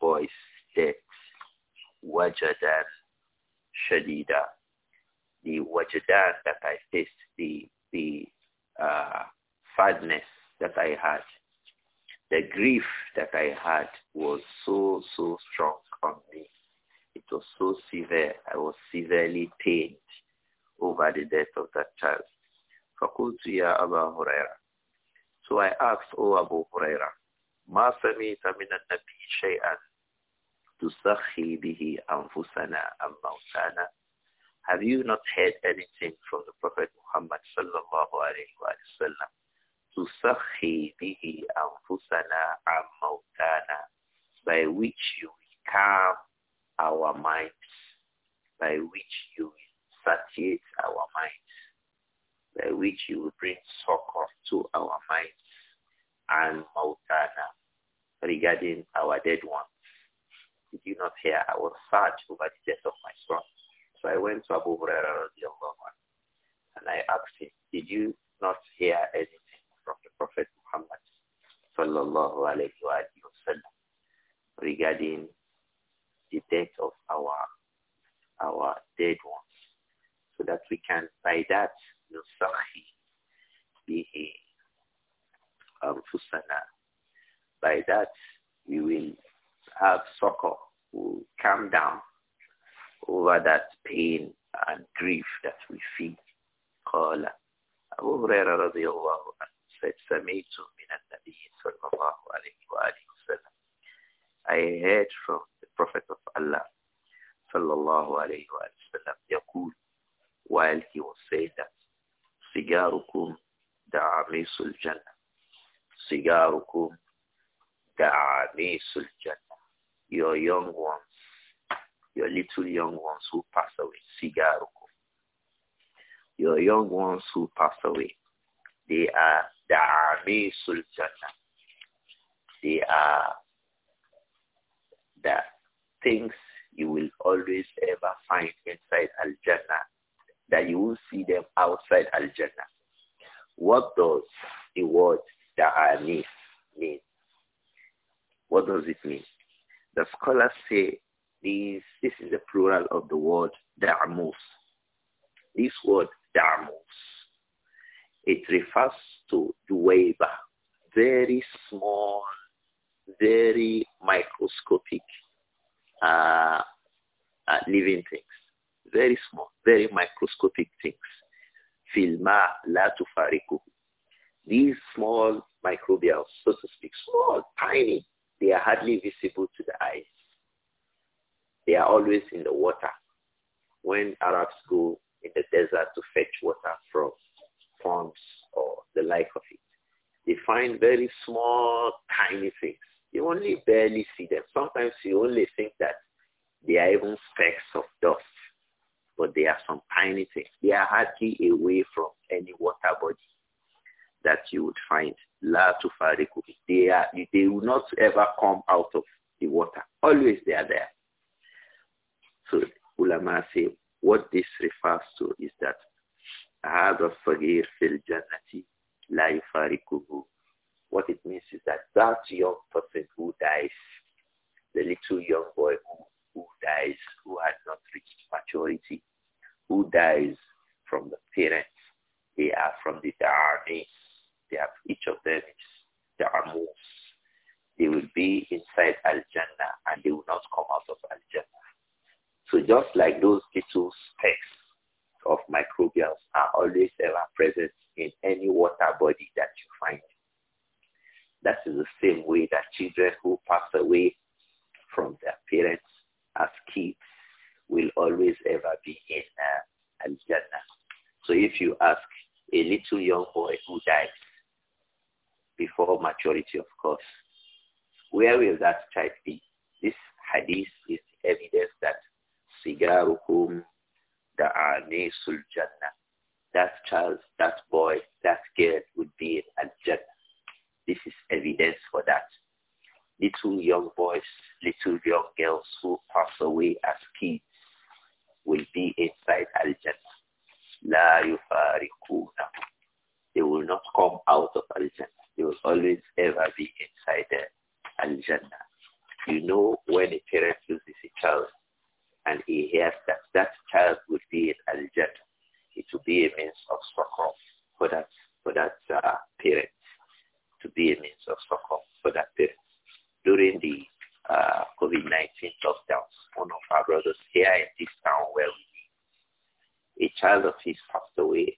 boy's death وجدا شديدا the wajadan that I faced the the uh, sadness that I had the grief that I had was so so strong on me it was so severe I was severely pained over the death of that child فقلت يا أبا هريرة So I asked, O oh, Abu Huraira, ما سمعت من النبي شيئا تسخي به أنفسنا أم موتانا Have you not heard anything from the Prophet Muhammad sallallahu alayhi wa sallam? تسخي به أنفسنا أم موتانا By which you calm our minds, by which you will satiate our minds by which you will bring succor to our minds and mautana regarding our dead ones. Did you not hear? I was sad over the death of my son. So I went to Abu Hurairah and I asked him, did you not hear anything from the Prophet Muhammad sallallahu alayhi wa sallam regarding the death of our our dead ones so that we can by that به أنفسنا by that we will have succor will calm down over that pain and grief that we feel قال أبو هريرة رضي الله عنه said سمعت من النبي صلى الله عليه وآله وسلم I heard from the Prophet of Allah صلى الله عليه وآله وسلم يقول while he was saying that sigarukum da'amisul jannah. Sigarukum da'amisul jannah. Your young ones, your little young ones who pass away. Sigarukum. Your young ones who pass away. They are da'amisul jannah. They are the things you will always ever find inside Al-Jannah that you will see them outside Al-Jannah. What does the word Da'ani mean? What does it mean? The scholars say this. this is the plural of the word Da'amus. This word Da'amus, it refers to Duwayba, very small, very microscopic uh, uh, living things very small, very microscopic things. Filma la tufariku. These small microbials, so to speak, small, tiny, they are hardly visible to the eyes. They are always in the water. When Arabs go in the desert to fetch water from ponds or the like of it, they find very small, tiny things. You only barely see them. Sometimes you only think that they are even specks of dust. But they are some tiny things. They are hardly away from any water body that you would find. La tufariku. They are, they will not ever come out of the water. Always they are there. So ulama say what this refers to is that هذا الصغير في الجنة what it means is that that young person who dies, the little young boy who who dies, who has not reached maturity, who dies from the parents. They are from the Da'anis. They have each of them is Da'amus. They will be inside Al-Jannah and they will not come out of Al-Jannah. So just like those little specks of microbials are always ever present in any water body that you find. That is the same way that children who pass away from their parents as kids will always ever be in uh, Al-Jannah. So if you ask a little young boy who dies before maturity, of course, where will that child be? This hadith is evidence that sigarukum sul jannah. That child, that boy, that girl would be in al-jannah. This is evidence for that little young boys, little young girls who pass away as kids will be inside Al-Jannah. La They will not come out of Al-Jannah. They will always ever be inside Al-Jannah. You know when a parent loses a child and he hears that that child would be in Al-Jannah, it will be a means of support for that, for that uh, parent, to be a means of succor for that parent during the uh, COVID-19 lockdowns, one of our brothers here in this town where we live, a child of his passed away.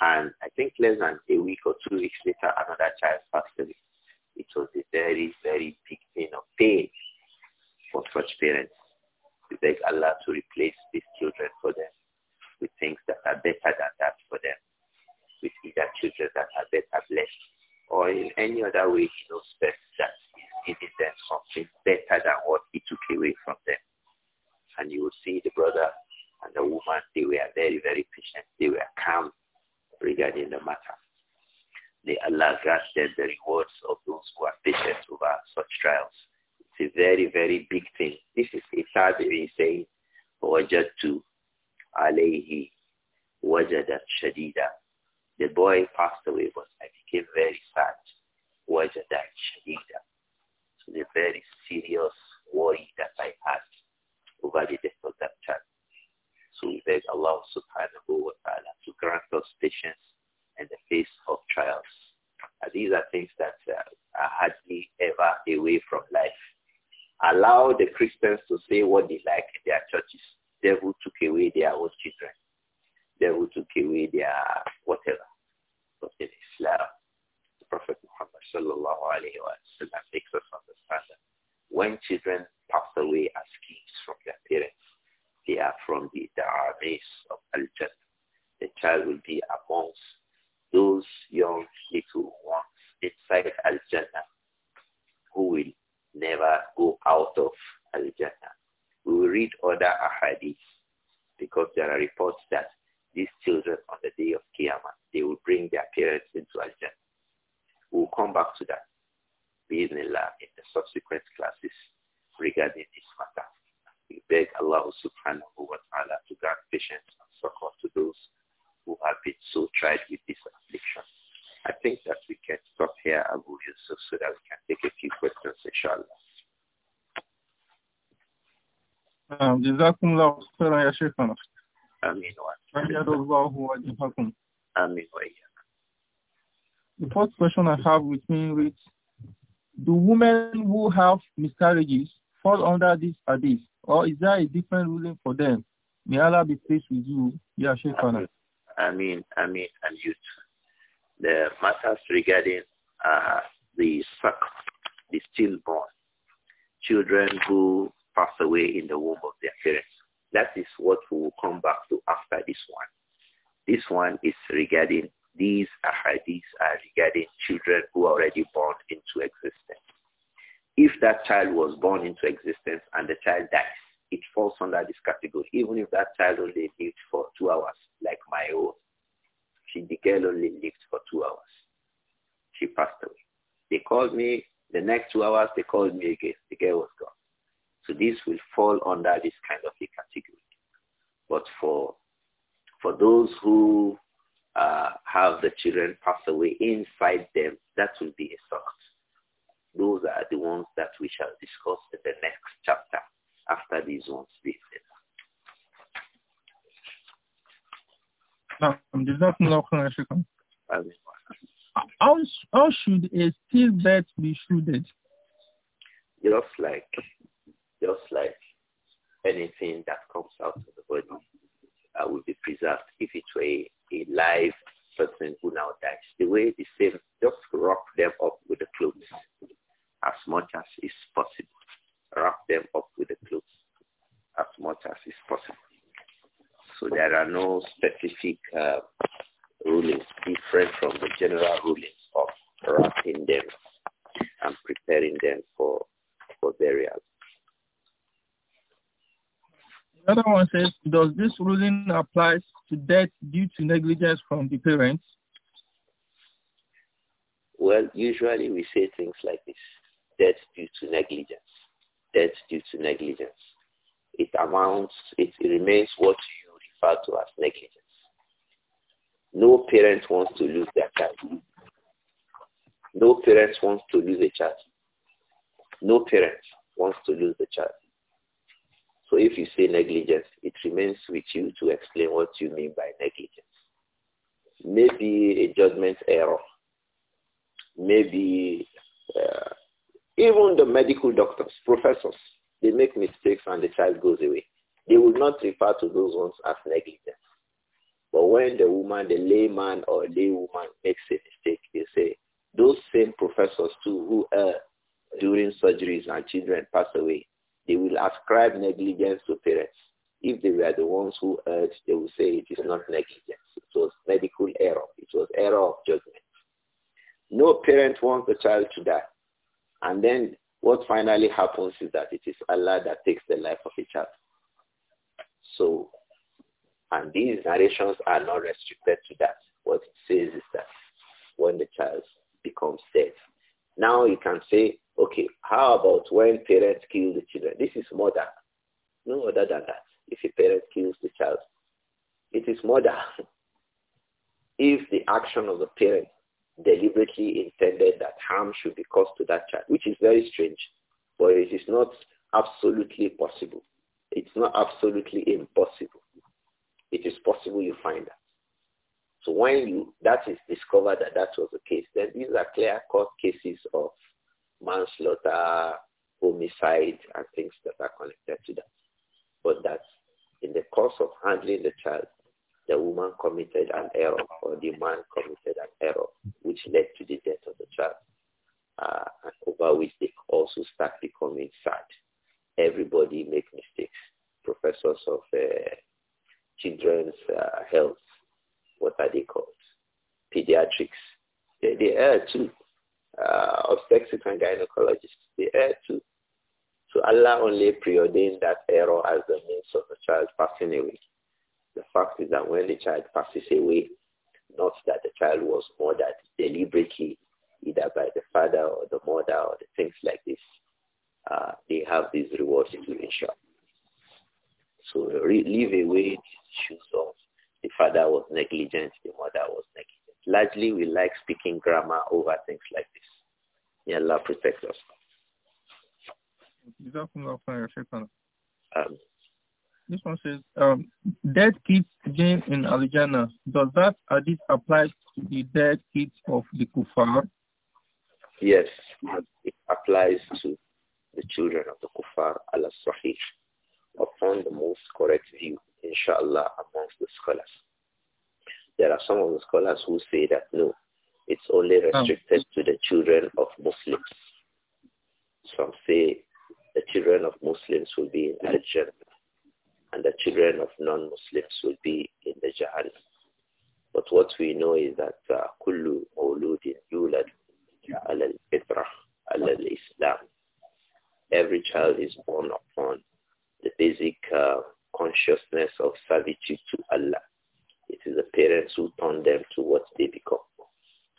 And I think less than a week or two weeks later, another child passed away. It was a very, very big pain of pain for such parents. We beg Allah to replace these children for them with things that are better than that for them, with either children that are better blessed or in any other way, you know, that given them something better than what he took away from them. And you will see the brother and the woman, they were very, very patient. They were calm regarding the matter. May Allah grant them the rewards of those who are patient over such trials. It's a very, very big thing. This is a tabi'i saying, وَجَدْتُ alayhi wajadat shadida." The boy passed away, but I became very sad. Wajadat shadida the very serious worry that I had over the death of that child. So we beg Allah subhanahu wa ta'ala to grant us patience in the face of trials. And these are things that uh, are uh, hardly ever away from life. Allow the Christians to say what they like in their churches. Devil took away their own children. Devil took away their whatever. But in Islam, the Prophet sallallahu alayhi wa sallam makes us understand that when children pass away as kids from their parents, they are from the da'amis of al-jannah. The child will be amongst those young little ones inside al-jannah who will never go out of al-jannah. We will read other ahadith because there are reports that these children on the day of Qiyamah, they will bring their parents into al-jannah. We'll come back to that, Allah, in the subsequent classes regarding this matter. We beg Allah subhanahu wa ta'ala to grant patience and succour to those who have been so tried with this affliction. I think that we can stop here, Abu Yusuf, so that we can take a few questions, inshallah. جزاكم الله خيرا يا شيخنا. آمين وإياكم. آمين وإياكم. The first question I have with me is: do women who have miscarriages fall under this hadith, or is there a different ruling for them? May Allah be pleased with you, Ya Shaykhana. I mean, I mean, and you, the matters regarding uh, the suck, the stillborn, children who pass away in the womb of their parents. That is what we will come back to after this one. This one is regarding these ahadith are regarding children who are already born into existence. If that child was born into existence and the child dies, it falls under this category, even if that child only lived for two hours, like my own. She, the girl only lived for two hours. She passed away. They called me. The next two hours, they called me again. The girl was gone. So this will fall under this kind of a category. But for for those who uh, have the children pass away inside them, that will be a sort. Those are the ones that we shall discuss in the next chapter after these ones. Now, how, how should a stillbirth be shielded? Just like, just like anything that comes out of the body uh, will be preserved if it were a a live person who now dies. The way the same, just wrap them up with the clothes as much as is possible. Wrap them up with the clothes as much as is possible. So there are no specific uh, rulings different from the general rulings of wrapping them and preparing them for, for burial. Another one says, does this ruling apply to death due to negligence from the parents? Well, usually we say things like this, death due to negligence, death due to negligence. It amounts, it remains what you refer to as negligence. No parent wants to lose their child. No parent wants to lose a child. No parent wants to lose a child. So if you say negligence, it remains with you to explain what you mean by negligence. Maybe a judgment error. Maybe uh, even the medical doctors, professors, they make mistakes and the child goes away. They will not refer to those ones as negligence. But when the woman, the layman or laywoman makes a mistake, they say, those same professors too who uh, during surgeries and children pass away, they will ascribe negligence to parents. If they were the ones who urged, they will say it is not negligence. It was medical error. It was error of judgment. No parent wants the child to die. And then what finally happens is that it is Allah that takes the life of a child. So, and these narrations are not restricted to that. What it says is that when the child becomes dead, now you can say Okay, how about when parents kill the children? This is murder. No other than that. If a parent kills the child, it is murder. if the action of the parent deliberately intended that harm should be caused to that child, which is very strange, but it is not absolutely possible. It's not absolutely impossible. It is possible you find that. So when you that is discovered that that was the case, then these are clear-cut cases of manslaughter, homicide, and things that are connected to that. But that in the course of handling the child, the woman committed an error or the man committed an error which led to the death of the child. Uh, and over which they also start becoming sad. Everybody make mistakes. Professors of uh, children's uh, health, what are they called? Pediatrics. They, they uh, too uh, obstetrics and gynecologists, to, err to, So Allah only preordained that error as the means of the child passing away. The fact is that when the child passes away, not that the child was murdered deliberately, either by the father or the mother or the things like this, uh, they have these rewards to ensure. So leave away the issues of the father was negligent, the mother was negligent largely we like speaking grammar over things like this. May Allah protect us. Um, this one says, um, dead kids gained in Alijana, does that hadith apply to the dead kids of the kuffar? Yes, it applies to the children of the kuffar Allah sahih upon the most correct view, inshallah, amongst the scholars. There are some of the scholars who say that no, it's only oh. restricted oh. to the children of Muslims. Some say the children of Muslims will be in Al-Jannah and the children of non-Muslims will be in the Jahannam. But what we know is that uh, kullu mawludin yulad al al-islam. Every child is born upon the basic uh, consciousness of servitude to Allah is the parents who turn them to what they become.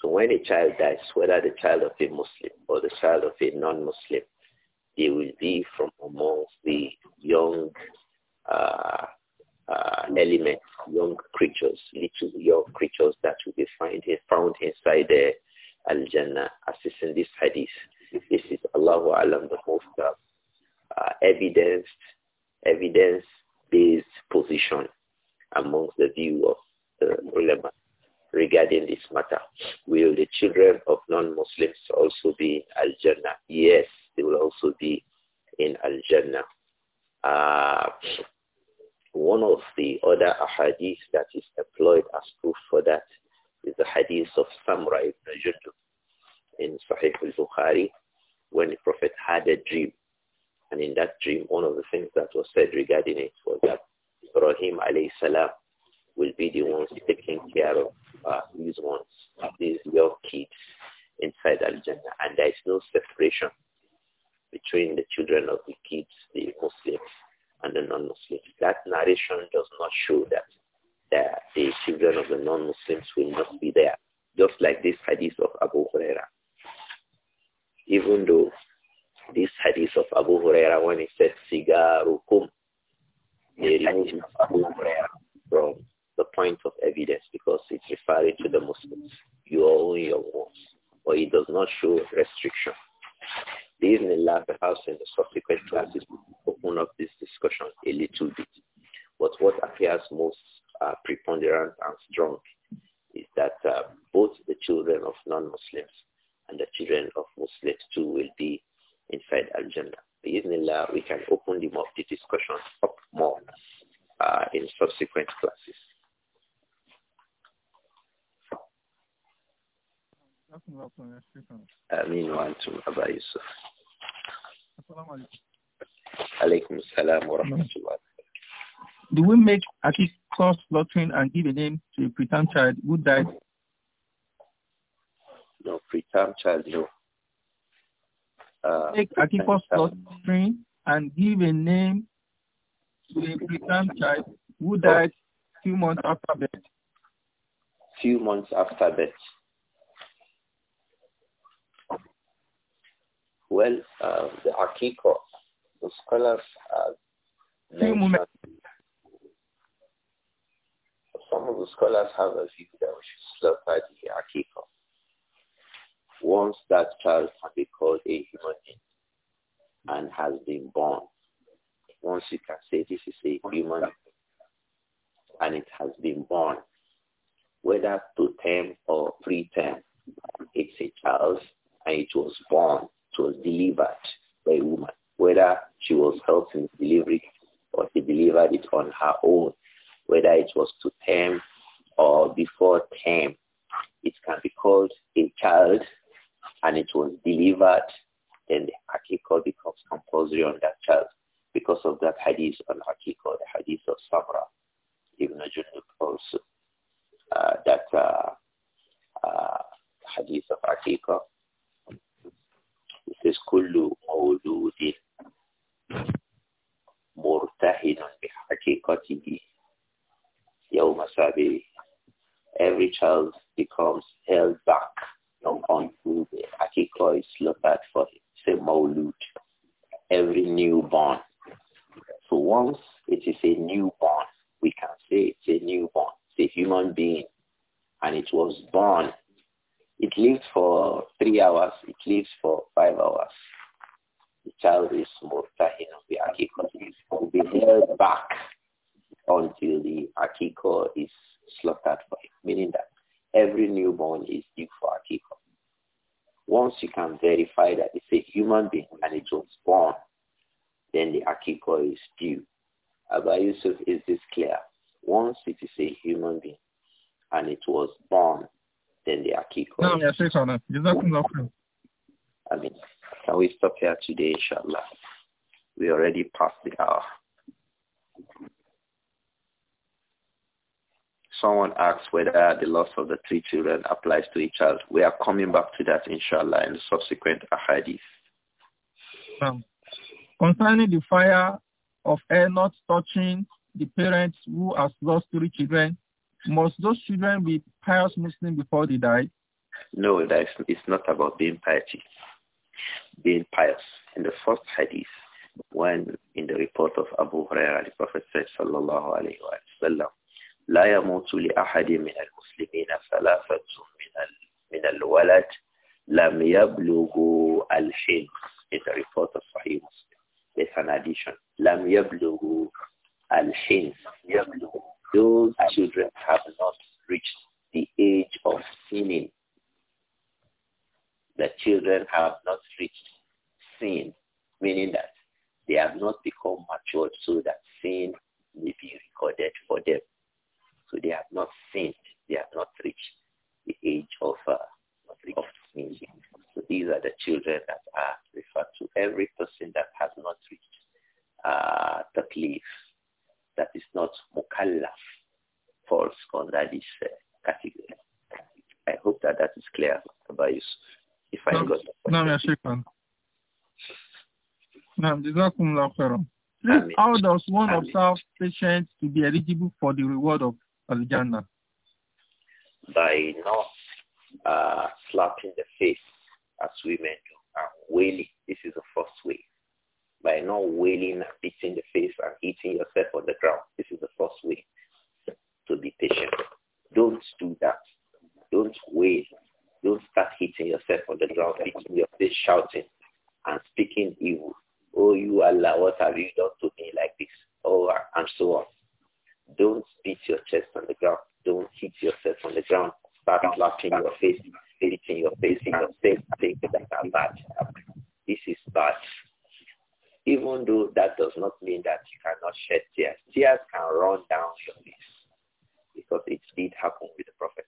So when a child dies, whether the child of a Muslim or the child of a non-Muslim, they will be from amongst the young uh, uh, elements, young creatures, little young creatures that will be find, found inside the Al-Jannah, as is in this hadith. This is Allahu Alam, the most uh, uh evidence, evidence-based position amongst the view of the uh, ulama regarding this matter. Will the children of non-Muslims also be in Al-Jannah? Yes, they will also be in Al-Jannah. Uh, one of the other hadiths that is employed as proof for that is the hadith of Samra ibn Jundub in Sahih al-Bukhari when the Prophet had a dream. And in that dream, one of the things that was said regarding it was that Ibrahim alayhi salam will be the ones taking care of uh, these ones, these young kids inside al And there is no separation between the children of the kids, the Muslims, and the non-Muslims. That narration does not show that train and give a name to a preterm child who died? No, preterm child, no. Uh, Take Akipo's doctrine and give a name to a preterm child who died few months after birth. Few months after birth. Well, uh, the Akiko, the scholars have mentioned. Some of the scholars have a view that we should slaughter the akika once that child can be called a human being and has been born. Once you can say this is a human and it has been born, whether to term or preterm, it's a child and it was born, it was delivered by a woman, whether she was helping delivery or she delivered it on her own whether it was to term or before term. It can be called a child and it was delivered, then the article becomes compulsory on that child because of that hadith on akikah, the hadith of Samra, Ibn Junub also. Uh, that uh, uh, hadith of akikah. It says, كل مولود bi بحقيقته Yawma Sabi, every child becomes held back who the Akiko is looked at for him. Say Maulud, every newborn. So once it is a newborn, we can say it's a newborn. It's a human being. And it was born. It lives for three hours. It lives for five hours. The child is more of the Akiko. It will be held back until the akiko is slaughtered for meaning that every newborn is due for akiko. Once you can verify that it's a human being and it was born, then the akiko is due. Abba Yusuf, is this clear? Once it is a human being and it was born, then the akiko. No, yes, due. I mean, can we stop here today, inshallah? We already passed the hour someone asked whether the loss of the three children applies to each child. We are coming back to that, inshallah, in the subsequent ahadith. Um, concerning the fire of air not touching the parents who has lost three children, must those children be pious Muslim before they die? No, that is, it's not about being piety, being pious. In the first hadith, when in the report of Abu Hurairah, the Prophet said, sallallahu alayhi wa sallam, لا يموت لأحد من المسلمين ثلاثة من من الولد لم يبلغ الحلم in the report of Sahih Muslim. It's an addition. لم يبلغ الحلم يبلغوا Those children have not reached the age of sinning. The children have not reached sin, meaning that they have not become matured so that sin may be recorded for them. So they have not seen; They have not reached the age of, uh, of sin. So these are the children that are referred to. Every person that has not reached uh, taklif, that is not mukallaf, falls under this uh, category. I hope that that is clear, Abayus. If I no, got no, yeah, Shukran. No, Jazakumullah how does one observe patients to be eligible for the reward of al By not uh, slapping the face as women do and wailing. This is the first way. By not wailing and beating the face and hitting yourself on the ground. This is the first way to be patient. Don't do that. Don't wail. Don't start hitting yourself on the ground, beating your face, shouting and speaking evil. Oh, you Allah, what have you done to me like this? Oh, and so on. Don't beat your chest on the ground. Don't hit yourself on the ground. Start slapping your face, hitting your face in your face. Things that are bad. This is bad. Even though that does not mean that you cannot shed tears. Tears can run down your face because it did happen with the Prophet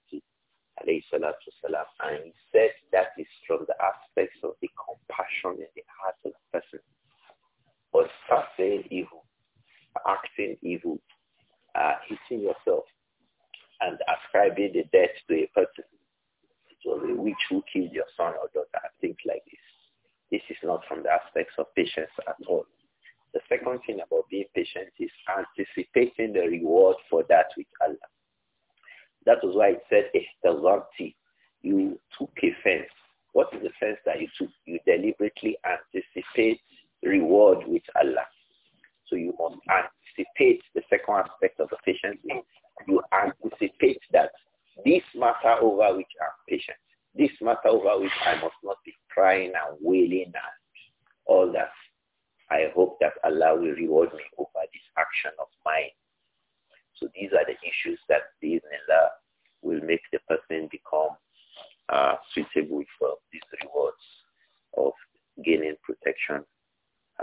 والسلام, and he said that is from the aspects of the compassion in the heart of the person. But start saying evil, acting evil, are hitting yourself and ascribing the death to a person. It was a witch who killed your son or daughter, things like this. This is not from the aspects of patience at all. The second thing about being patient is anticipating the reward for that with Allah. That was why it said, you took a fence. What is the fence that you took? You deliberately anticipate reward with Allah. So you must act anticipate the second aspect of the is you anticipate that this matter over which I'm patient, this matter over which I must not be crying and wailing and all that. I hope that Allah will reward me over this action of mine. So these are the issues that these Allah will make the person become uh, suitable for these rewards of gaining protection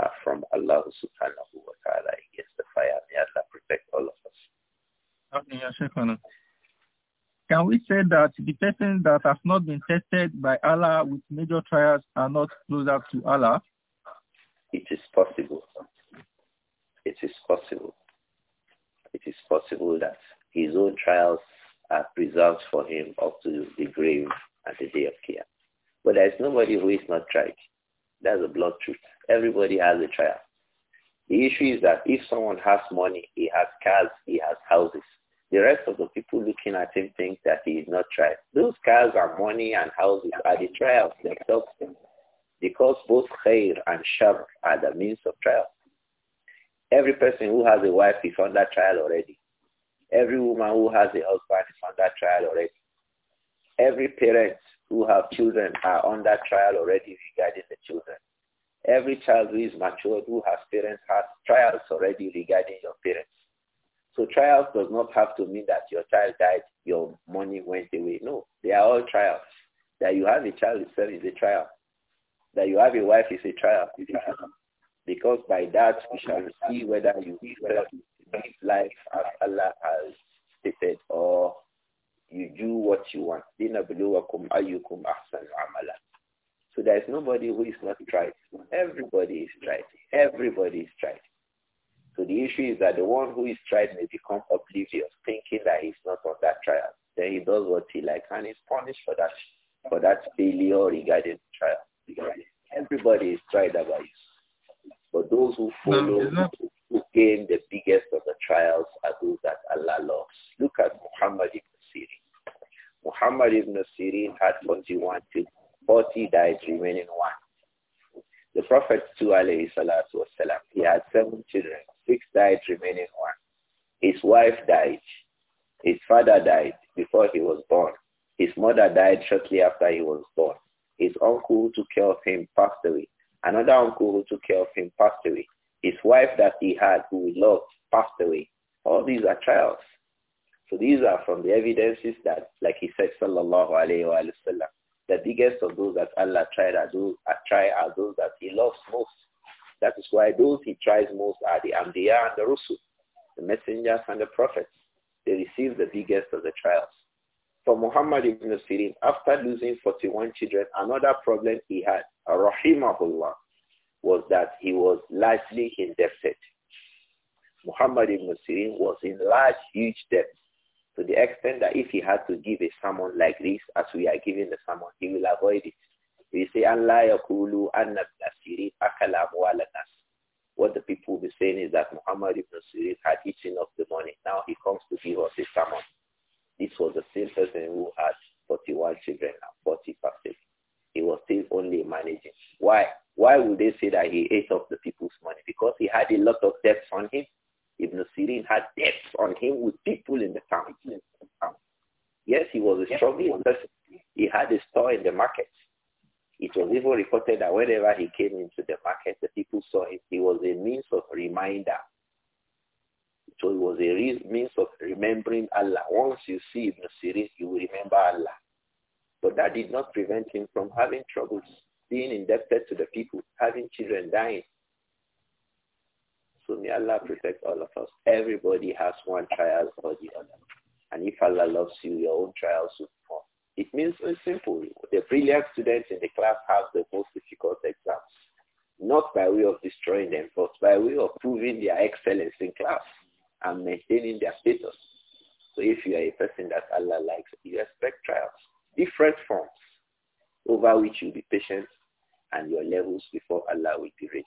uh, from Allah subhanahu wa ta'ala. May Allah protect all of us. Okay, Can we say that the person that has not been tested by Allah with major trials are not closer to Allah? It is possible. It is possible. It is possible that his own trials are preserved for him up to the grave at the day of care. But there is nobody who is not tried. That's a blood truth. Everybody has a trial. The issue is that if someone has money, he has cars, he has houses. The rest of the people looking at him think that he is not tried. Those cars and money and houses are the trials themselves because both khair and shar are the means of trial. Every person who has a wife is under trial already. Every woman who has a husband is under trial already. Every parent who have children are under trial already regarding the children. Every child who is matured, who has parents, has trials already regarding your parents. So trials does not have to mean that your child died, your money went away. No, they are all trials. That you have a child itself is a trial. That you have a wife is a trial. Because by that we shall see whether you live life as Allah has stated or you do what you want. So there is nobody who is not tried. Everybody is tried. Everybody is tried. So the issue is that the one who is tried may become oblivious, thinking that he's not on that trial. Then he does what he likes and is punished for that for that failure regarding trial. Everybody is tried about it. But those who follow no, who gain the biggest of the trials are those that Allah loves. Look at Muhammad ibn Sirin. Muhammad ibn Sirin had 41 children. 40 died remaining one. The Prophet too, he had seven children. Six died remaining one. His wife died. His father died before he was born. His mother died shortly after he was born. His uncle who took care of him passed away. Another uncle who took care of him passed away. His wife that he had, who he loved, passed away. All these are trials. So these are from the evidences that, like he said, sallallahu alayhi wa sallam, the biggest of those that Allah tried are those, uh, try are those that he loves most. That is why those he tries most are the Amdiya and the Rusul, the messengers and the prophets. They receive the biggest of the trials. For Muhammad ibn Sirin, after losing 41 children, another problem he had, rahimahullah, was that he was largely indebted. Muhammad ibn Sirin was in large, huge debt. To the extent that if he had to give a sermon like this, as we are giving the sermon, he will avoid it. We say, Allah akulu anna nasiri nas. What the people will be saying is that Muhammad ibn Sirin had eaten up the money. Now he comes to give us a sermon. This was the same person who had 41 children and 40 pastors. He was still only managing. Why? Why would they say that he ate up the people's money? Because he had a lot of debts on him. Ibn Sirin had debts on him with people in the town. Yes, he was a struggling person. He had a store in the market. It was even reported that whenever he came into the market, the people saw him. He was a means of reminder. So it was a means of remembering Allah. Once you see Ibn Sirin, you will remember Allah. But that did not prevent him from having troubles, being indebted to the people, having children dying, so may Allah protect all of us. Everybody has one trial or the other. And if Allah loves you, your own trials will fall. It means it's simple. The brilliant students in the class have the most difficult exams. Not by way of destroying them, but by way of proving their excellence in class and maintaining their status. So if you are a person that Allah likes, you expect trials, different forms, over which you'll be patient and your levels before Allah will be raised.